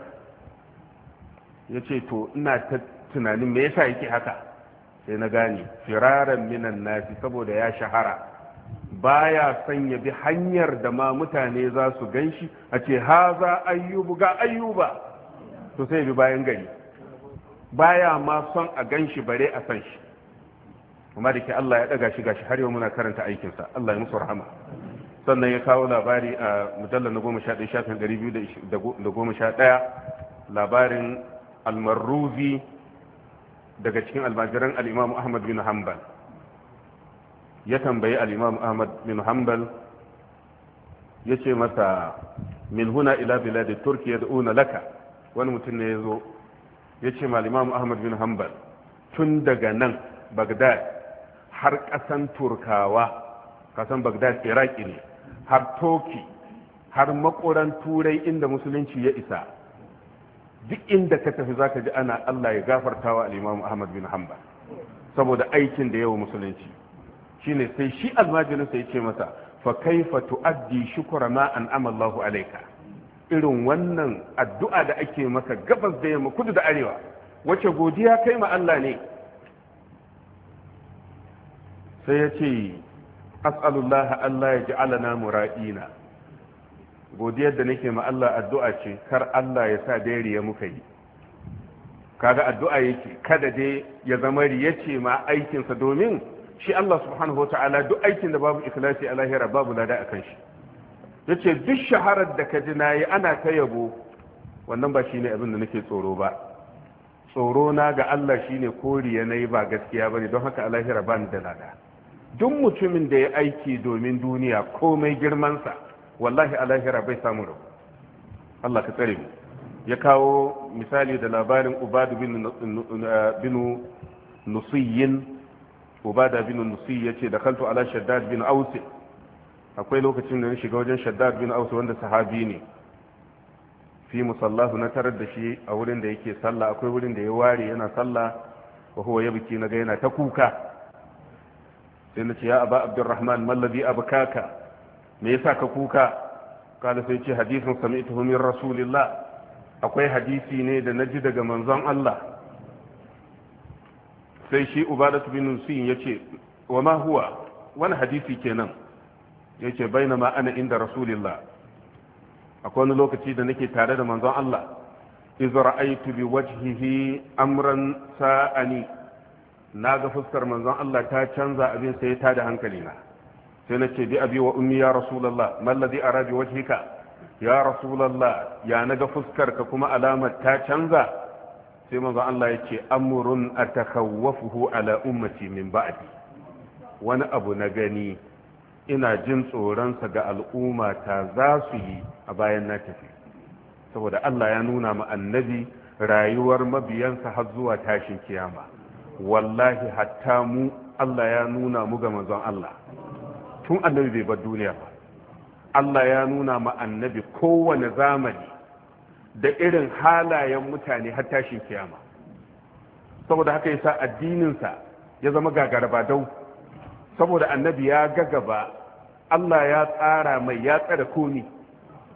Speaker 1: yace to ina ta tunanin me yasa yake haka sai na gane firaran minan nasi saboda ya shahara baya son ya bi hanyar da ma mutane za su gan shi a ce ha za ayyubu ga ayyuba to sai bi bayan gari baya ma son a ganshi shi bare a san shi kuma da ke Allah ya daga shi gashi har yau muna karanta aikinsa Allah ya musu rahama sannan ya kawo labari a mujallar na goma sha ɗaya shafin ɗari biyu da goma sha ɗaya labarin almarruzi daga cikin almajiran al'imamu ahmad bin hanbal ya tambayi al'imamu ahmad bin hanbal ya ce masa min huna ila biladi turkiya da una laka wani mutum ne ya zo ya ce malimamu ahmad bin hanbal tun daga nan bagdad har kasan turkawa kasan bagdad iraki ne har toki har makoran turai inda musulunci ya isa duk inda ka tafi ka ji ana Allah ya gafartawa al-Imam Ahmad bin Hanbal saboda aikin da yawa musulunci shine sai shi almajirinsa ya ce masa fa kaifa tuaddi shukra ma an'ama Allahu alayka irin wannan addu'a da ake maka gabas da yamma kudu da arewa wace godiya kai ma Allah ne sai ya ce as'alullah Allah ya ja'alana mura'ina godiyar da nake ma Allah addu'a ce kar Allah ya sa dai riya muka yi kaga addu'a yake kada dai ya zama riya ce ma aikinsa domin shi Allah subhanahu wata'ala duk aikin da babu ikhlasi a lahira babu lada a kan shi yace duk shaharar da ka ji nayi ana ta yabo wannan ba shine abin da nake tsoro ba tsoro na ga Allah shine koriya nayi ba gaskiya bane don haka a lahira ban da lada duk mutumin da ya aiki domin duniya komai girmansa wallahi alahira bai samu rabu Allah ka tsare mu ya kawo misali da labarin ubadu bin nusiyin ubada bin eh, ya yace da kaltu ala shaddad bin aus akwai lokacin da na shiga wajen shaddad bin aus wanda sahabi ne fi musallahu na tarar da shi a wurin da yake sallah akwai wurin da ya ware yana sallah wa huwa yabki na ga yana ta kuka sai na ce ya aba abdurrahman mallabi abkaka me yasa ka kuka kada sai ce hadisin sami min rasulillah akwai hadisi ne da ji daga manzon Allah sai shi ubadatu bin nusin ce wa ma huwa wani hadisi kenan yace ma ana inda rasulillah akwai wani lokaci da nake tare da manzon Allah iz tu bi wajhihi amran sa'ani na ga fuskar manzon Allah ta canza abin sai ta da hankali na sai nace bi abi wa ummi ya rasulullah mal ladhi ara bi wajhika ya rasulullah ya naga fuskar ka kuma alamar ta canza sai manzon Allah yace amrun a ala ummati min ba'di wani abu na gani ina jin tsoronsa ga al'umma ta za su yi a bayan na tafi saboda Allah ya nuna ma annabi rayuwar mabiyansa har zuwa tashin kiyama wallahi hatta mu Allah ya nuna mu ga manzon Allah tun annabi bai bar duniya ba Allah ya nuna ma annabi kowane zamani da irin halayen mutane har tashin kiyama saboda haka yasa addininsa ya zama gagaraba dau saboda annabi ya ga gaba Allah ya tsara mai ya tsara komi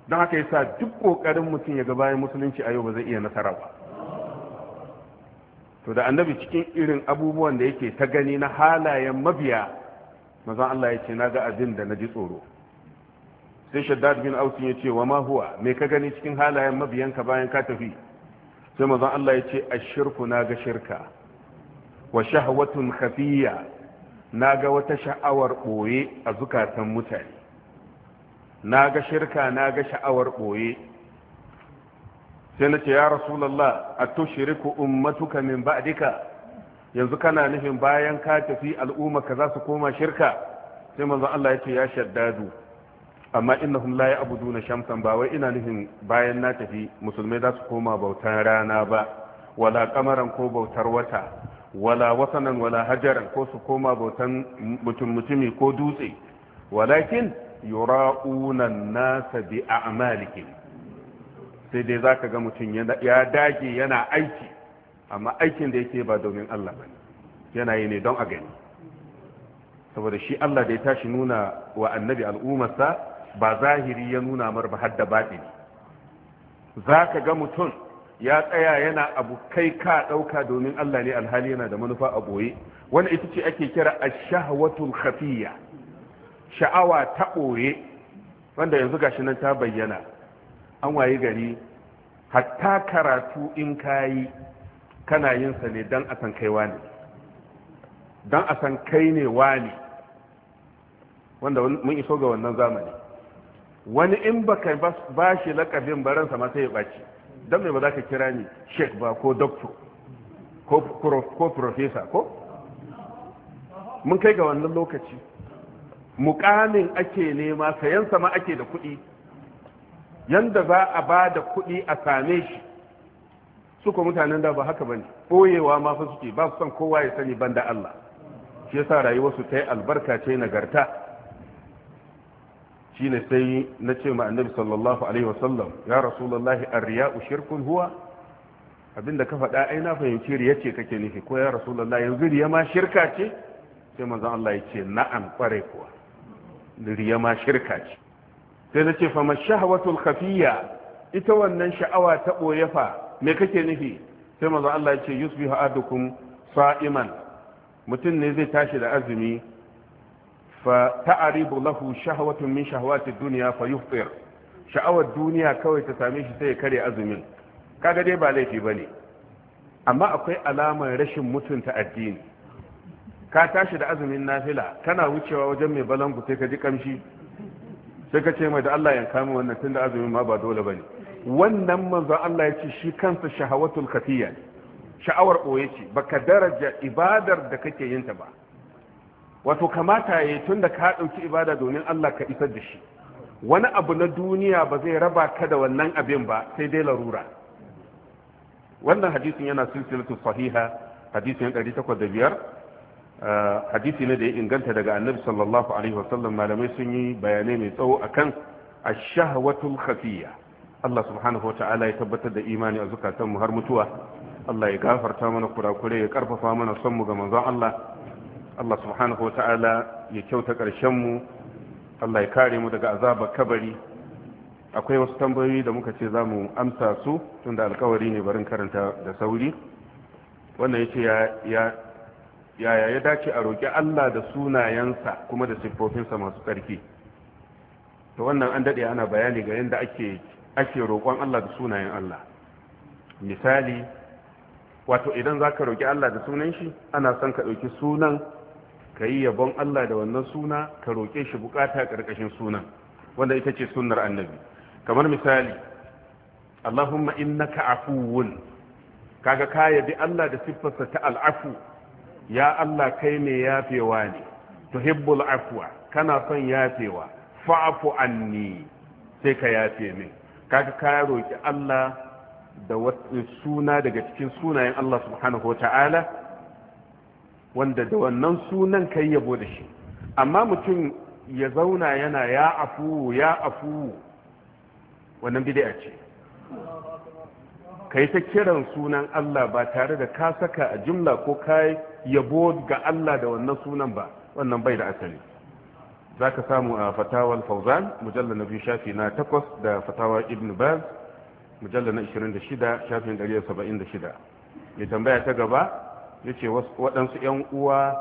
Speaker 1: don haka yasa duk kokarin mutum ya ga bayan musulunci a yau ba zai iya nasara ba to da annabi cikin irin abubuwan da yake ta gani na halayen mabiya mazan Allah ya ce na ga abin da na ji tsoro sai shaddad bin ausin ya ce wa ma huwa me ka gani cikin halayen mabiyanka bayan ka tafi sai mazan Allah ya ce ashirku na ga shirka wa shahwatun khafiyya na ga wata sha'awar ɓoye a zukatan mutane na ga shirka na ga sha'awar ɓoye. sai na ce ya rasulallah a ku ummatuka min ba'dika yanzu kana nufin bayan ka tafi al'umma ka za su koma shirka sai manzon Allah ya ce ya shaddadu amma innahum la ya'buduna shamsan ba wai ina nufin bayan na tafi musulmai za su koma bautan rana ba wala kamaran ko bautar wata wala wasanan wala hajaran ko su koma bautan mutum mutumi ko dutse walakin yura'una nasa bi a'malihim sai dai zaka ga mutum ya dage yana aiki amma aikin da yake ba domin Allah ba yana yi ne don a gani saboda shi Allah da ya tashi nuna wa annabi al'ummarsa ba zahiri ya nuna mar ba har da za zaka ga mutum ya tsaya yana abu kai ka ɗauka domin Allah ne alhali yana da manufa a ɓoye wani ita ce ake kira a shahawatul khafiyya sha'awa ta ɓoye wanda yanzu gashi nan ta bayyana an waye gari hatta karatu in kayi kana yin sa ne dan a san kai wani dan a san kai ne wani wanda mun iso ga wannan zamani wani in baka ba shi lakabin baransa ma sai ya baci dan me ba za ka kira ni sheikh ba ko doctor ko profesa ko mun kai ga wannan lokaci mukamin ake nema sayan sama ake da kuɗi yanda za a ba da kuɗi a same shi suka mutanen da ba haka bane boyewa ma fa suke ba su san kowa ya sani banda Allah shi yasa rayuwarsu ta yi albarka ce nagarta shine sai na ce ma annabi sallallahu alaihi wasallam ya rasulullahi ar shirkun huwa abinda ka faɗa ai na fahimci riya ce kake nufi ko ya rasulullahi yanzu riya ma shirka ce sai manzon Allah ya ce na'am kware kuwa riya ma shirka ce sai na ce fa mashahawatul khafiyya ita wannan sha'awa ta boye fa me kake nufi sai manzo Allah ya ce yusbihu adukum sa'iman mutum ne zai tashi da azumi fa ta'aribu lahu shahwatun min shahawati dunya fa yufṭir sha'awar duniya kawai ta same shi sai ya kare azumin kaga dai ba laifi bane amma akwai alamar rashin mutunta addini ka tashi da azumin nafila kana wucewa wajen mai balangu sai ka ji kamshi sai ka ce mai da Allah yanka kama wannan tunda azumin ma ba dole bane wannan manzo Allah ya ce shi kansa shahawatul khafiyya sha'awar boye ce baka daraja ibadar da kake yin ta ba wato kamata yayi tunda ka dauki ibada domin Allah ka isar da shi wani abu na duniya ba zai raba ka da wannan abin ba sai dai larura wannan hadisin yana silsilatu sahiha hadisin 805 hadisi ne da ya inganta daga annabi sallallahu alaihi wasallam malamai sun yi bayanai mai tsawo akan ash-shahwatul khafiyya Allah subhanahu wa ta'ala ya tabbatar da imani a zukatan mu har mutuwa Allah ya gafarta mana kurakure ya karfafa mana son mu ga manzon Allah Allah subhanahu wa ta'ala ya kyauta karshen mu Allah ya kare mu daga azabar kabari akwai wasu tambayoyi da muka ce zamu amsa su tunda alkawari ne barin karanta da sauri wannan yace ya yaya ya dace a roƙi Allah da sunayensa kuma da siffofinsa masu tsarki to wannan an daɗe ana bayani ga yadda ake ake roƙon Allah da sunayen Allah misali wato idan za ka roƙi Allah da sunan shi ana son ka ɗauki sunan ka yi yabon Allah da wannan suna ka roƙe shi buƙata ƙarƙashin sunan wanda ita ce sunnar annabi kamar misali Allahumma innaka afuwun kaga ka yabi Allah da siffarsa ta al'afu ya Allah kai mai yafewa ne tuhibbul afwa kana son yafewa fa'fu anni sai ka yafe min kaga ka roki Allah da suna daga cikin sunayen Allah subhanahu wata'ala wanda da wannan sunan kai yabo da shi amma mutum ya zauna yana ya afuwu ya afuwu wannan bid'a ce Ka yi ta kiran sunan Allah ba tare da ka saka a jumla ko yi yabo ga Allah da wannan sunan ba wannan bai da asali Za ka samu a fatawal fauzan mujalla na biyu shafi na takwas da fatawa ibn baz mujalla na 26 shafin 176 ya tambaya ta gaba ya ce waɗansu 'yan uwa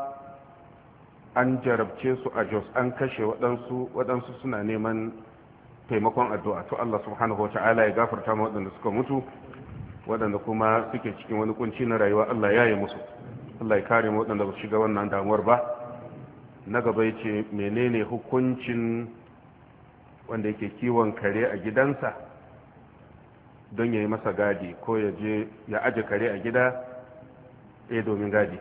Speaker 1: an jarabce su a jos an kashe waɗansu suna neman taimakon addu'a to Allah subhanahu wa ta'ala ya gafarta ma waɗanda suka mutu waɗanda kuma suke cikin wani kunci na rayuwa Allah ya yi musu Allah ya kare waɗanda ba su shiga wannan damuwar ba na gaba ya ce menene hukuncin wanda yake kiwon kare a gidansa don ya yi masa gadi ko ya je ya aje kare a gida yi eh, domin gadi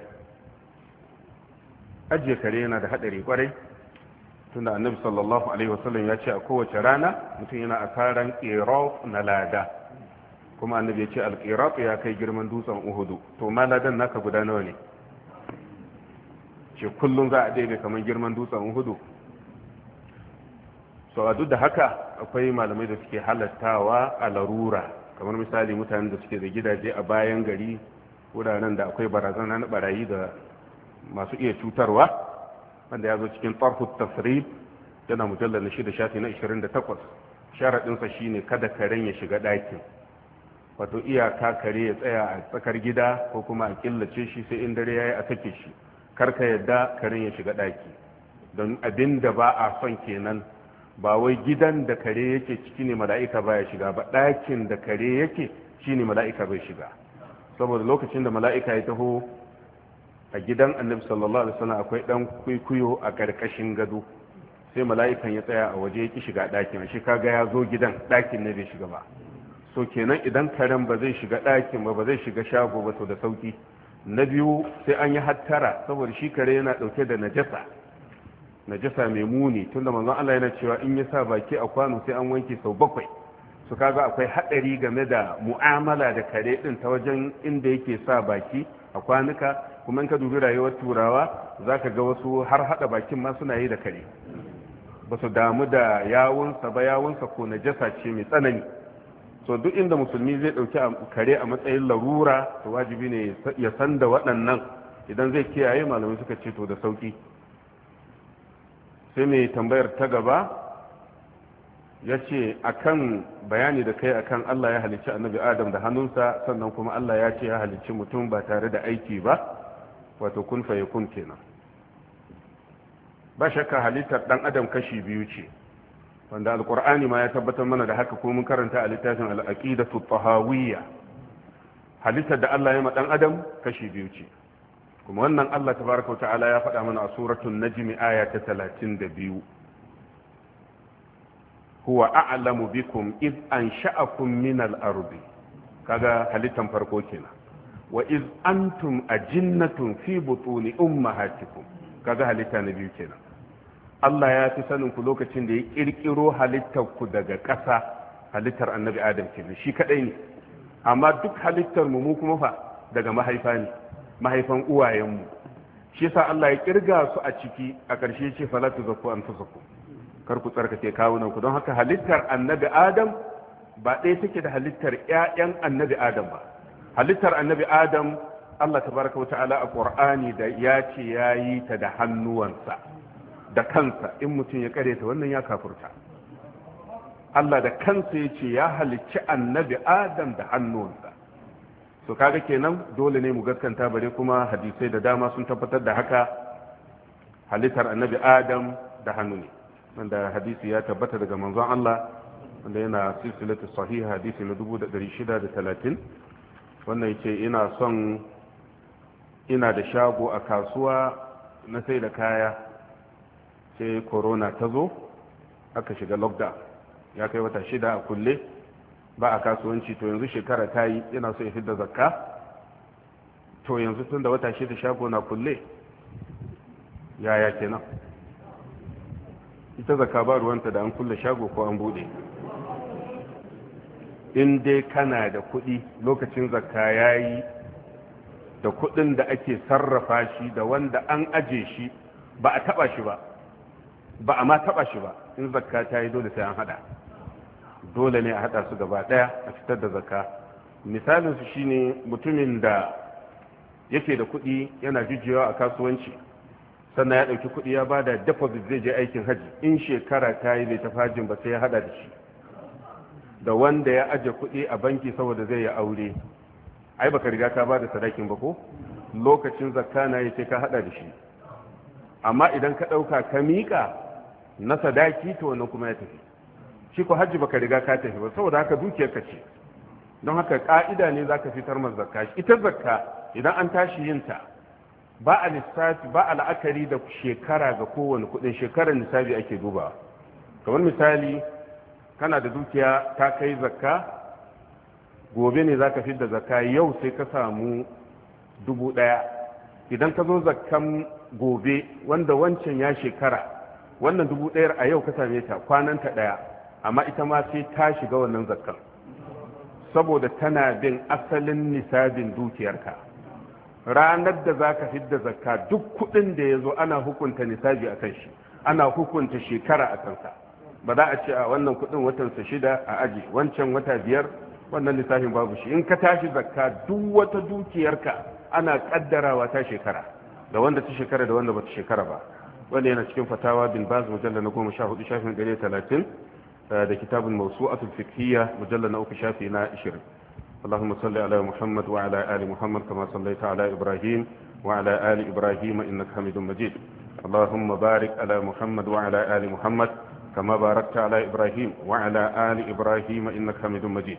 Speaker 1: ajiye kare yana da haɗari kwarai tunda annabi sallallahu alaihi wasallam ya ce a kowace rana mutum yana a tsaron ƙero na lada kuma annabi ya ce alƙirat ya kai girman dutsen uhudu to maladan naka guda nawa ne ce kullum za a daidai kamar girman dutsen uhudu so a duk da haka akwai malamai da suke halattawa a larura kamar misali mutanen da suke da gidaje a bayan gari wuraren da akwai barazana na barayi da masu iya cutarwa wanda ya zo cikin tarhut tasirin yana mujallar na shida shafi na 28 sharaɗinsa shine kada karen ya shiga ɗakin wato iyaka kare ya tsaya a tsakar gida ko kuma a killace shi sai in dare yayi a sake shi Kar karka yadda karen ya shiga daki don abin da ba a son kenan ba wai gidan da kare yake ciki ne mala'ika ba ya shiga ba ɗakin da kare yake shi ne mala'ika bai shiga saboda lokacin da mala'ika ya taho a gidan annabi sallallahu alaihi wasallam akwai dan kuikuyo a karkashin gado sai mala'ikan ya tsaya a waje ya ki shiga ɗakin shi kaga ya zo gidan ɗakin ne bai shiga ba so kenan idan karen ba zai shiga ɗakin ba ba zai shiga shago ba so da sauki na biyu sai an yi hattara saboda shi kare yana ɗauke da najasa najasa mai muni tunda manzon Allah yana cewa in ya sa baki a kwano sai an wanke sau bakwai su kaga akwai haɗari game da mu'amala da kare ɗin ta wajen inda yake sa baki a kwanuka kuma in ka dubi rayuwar turawa za ka ga wasu har haɗa bakin ma suna yi da kare ba su damu da yawunsa ba yawunsa ko najasa ce mai tsanani to duk inda musulmi zai ɗauki kare a matsayin larura to wajibi ne ya san da waɗannan idan zai kiyaye malamai suka ce to da sauƙi sai mai tambayar ta gaba ya ce akan bayani da kai akan Allah ya halicci annabi adam da hannunsa sannan kuma Allah ya ce ya halicci mutum ba tare da aiki ba wato kun faye kun kenan ba shakka halittar ɗan adam kashi biyu ce wanda alkur'ani ma ya tabbatar mana da haka ko mun karanta a littafin al'aqidatu tahawiyya halittar da Allah ya ma dan adam kashi biyu ce kuma wannan Allah tabaraka ta'ala ya faɗa mana a suratul najm aya ta 32 huwa a'lamu bikum id ansha'akum min al-ardi kaga halittar farko kenan wa iz antum ajinnatun fi butuni ummahatikum kaga halitta na biyu kenan Allah ya fi sanin ku lokacin da ya kirkiro halittar ku daga ƙasa halittar annabi adam kenan shi kadai ne amma duk halittar mu mu kuma fa daga mahaifa ne mahaifan uwayenmu shi yasa Allah ya kirga su a ciki a ƙarshe ce falatu zakku anfusakum kar ku tsarkake kawunan ku don haka halittar annabi adam ba ɗaya take da halittar ƴaƴan annabi adam ba halittar annabi adam Allah tabaraka wa ta'ala a Qur'ani da ya ce yayi ta da hannuwansa da kansa in mutum ya ta wannan ya kafurta Allah da kansa ya ce ya halicci annabi Adam da hannunsa to kaga kenan dole ne mu gaskanta bare kuma hadisai da dama sun tabbatar da haka halittar annabi Adam da hannu ne wanda hadisi ya tabbata daga manzon Allah wanda yana silsilatu sahiha hadisi na 1630 wannan yake ina son ina da shago a kasuwa na sai da kaya sai corona ta zo aka shiga lockdown ya kai wata shida a kulle ba a kasuwanci to yanzu shekara ta yi yana so ya fidda zakka to yanzu tun da wata shida shago na kulle yaya kenan ita zakka ba ruwanta da an kulle shago ko an bude in dai kana da kuɗi lokacin zakka ya yi da kuɗin da ake sarrafa shi da wanda an aje shi ba a taɓa shi ba ba a ma taba shi ba in zakka ta yi dole sai an hada dole ne a hada su gaba daya a fitar da zakka misalin su shine mutumin da yake da kuɗi yana jujjewa a kasuwanci sannan ya ɗauki kuɗi ya bada deposit zai je aikin haji in shekara ta yi bai tafi hajjin ba sai ya hada da shi da wanda ya aje kuɗi a banki saboda zai yi aure ai baka riga ka bada sadakin ba ko lokacin zakka na yi sai ka hada da shi amma idan ka ɗauka ka miƙa na sadaki to wannan kuma ya tafi shi ko hajji baka riga ka tafi ba saboda haka dukiyar ka ce don haka ka'ida ne zaka fitar ma zakka ita zakka idan an tashi yin ta ba a lissafi ba a la'akari da shekara ga kowane kudin shekarar lissafi ake duba kamar misali kana da dukiya ta kai zakka gobe ne zaka fitar da zakka yau sai ka samu dubu daya idan ka zo zakkan gobe wanda wancan ya shekara wannan dubu ɗayar a yau ka same ta kwanan ta ɗaya amma ita ma sai ta shiga wannan zakkar saboda tana bin asalin nisabin dukiyarka ranar da za ka fidda zakka duk kuɗin da ya zo ana hukunta nisabi a kan shi ana hukunta shekara a kansa ba za a ce a wannan kuɗin watansa shida a aji wancan wata biyar wannan lissafin babu shi in ka tashi zakka duk wata dukiyarka ana ƙaddarawa ta shekara da wanda ta shekara da wanda ba ta shekara ba wanda yana cikin fatawa bin baz mujalla na goma sha hudu shafin gare talatin da kitabun mausu a tulfikiyya mujalla na uku shafi na ishirin اللهم صل على محمد وعلى آل محمد كما صليت على إبراهيم وعلى آل إبراهيم إنك حميد مجيد اللهم بارك على محمد وعلى آل محمد كما باركت على إبراهيم وعلى آل إبراهيم إنك حميد مجيد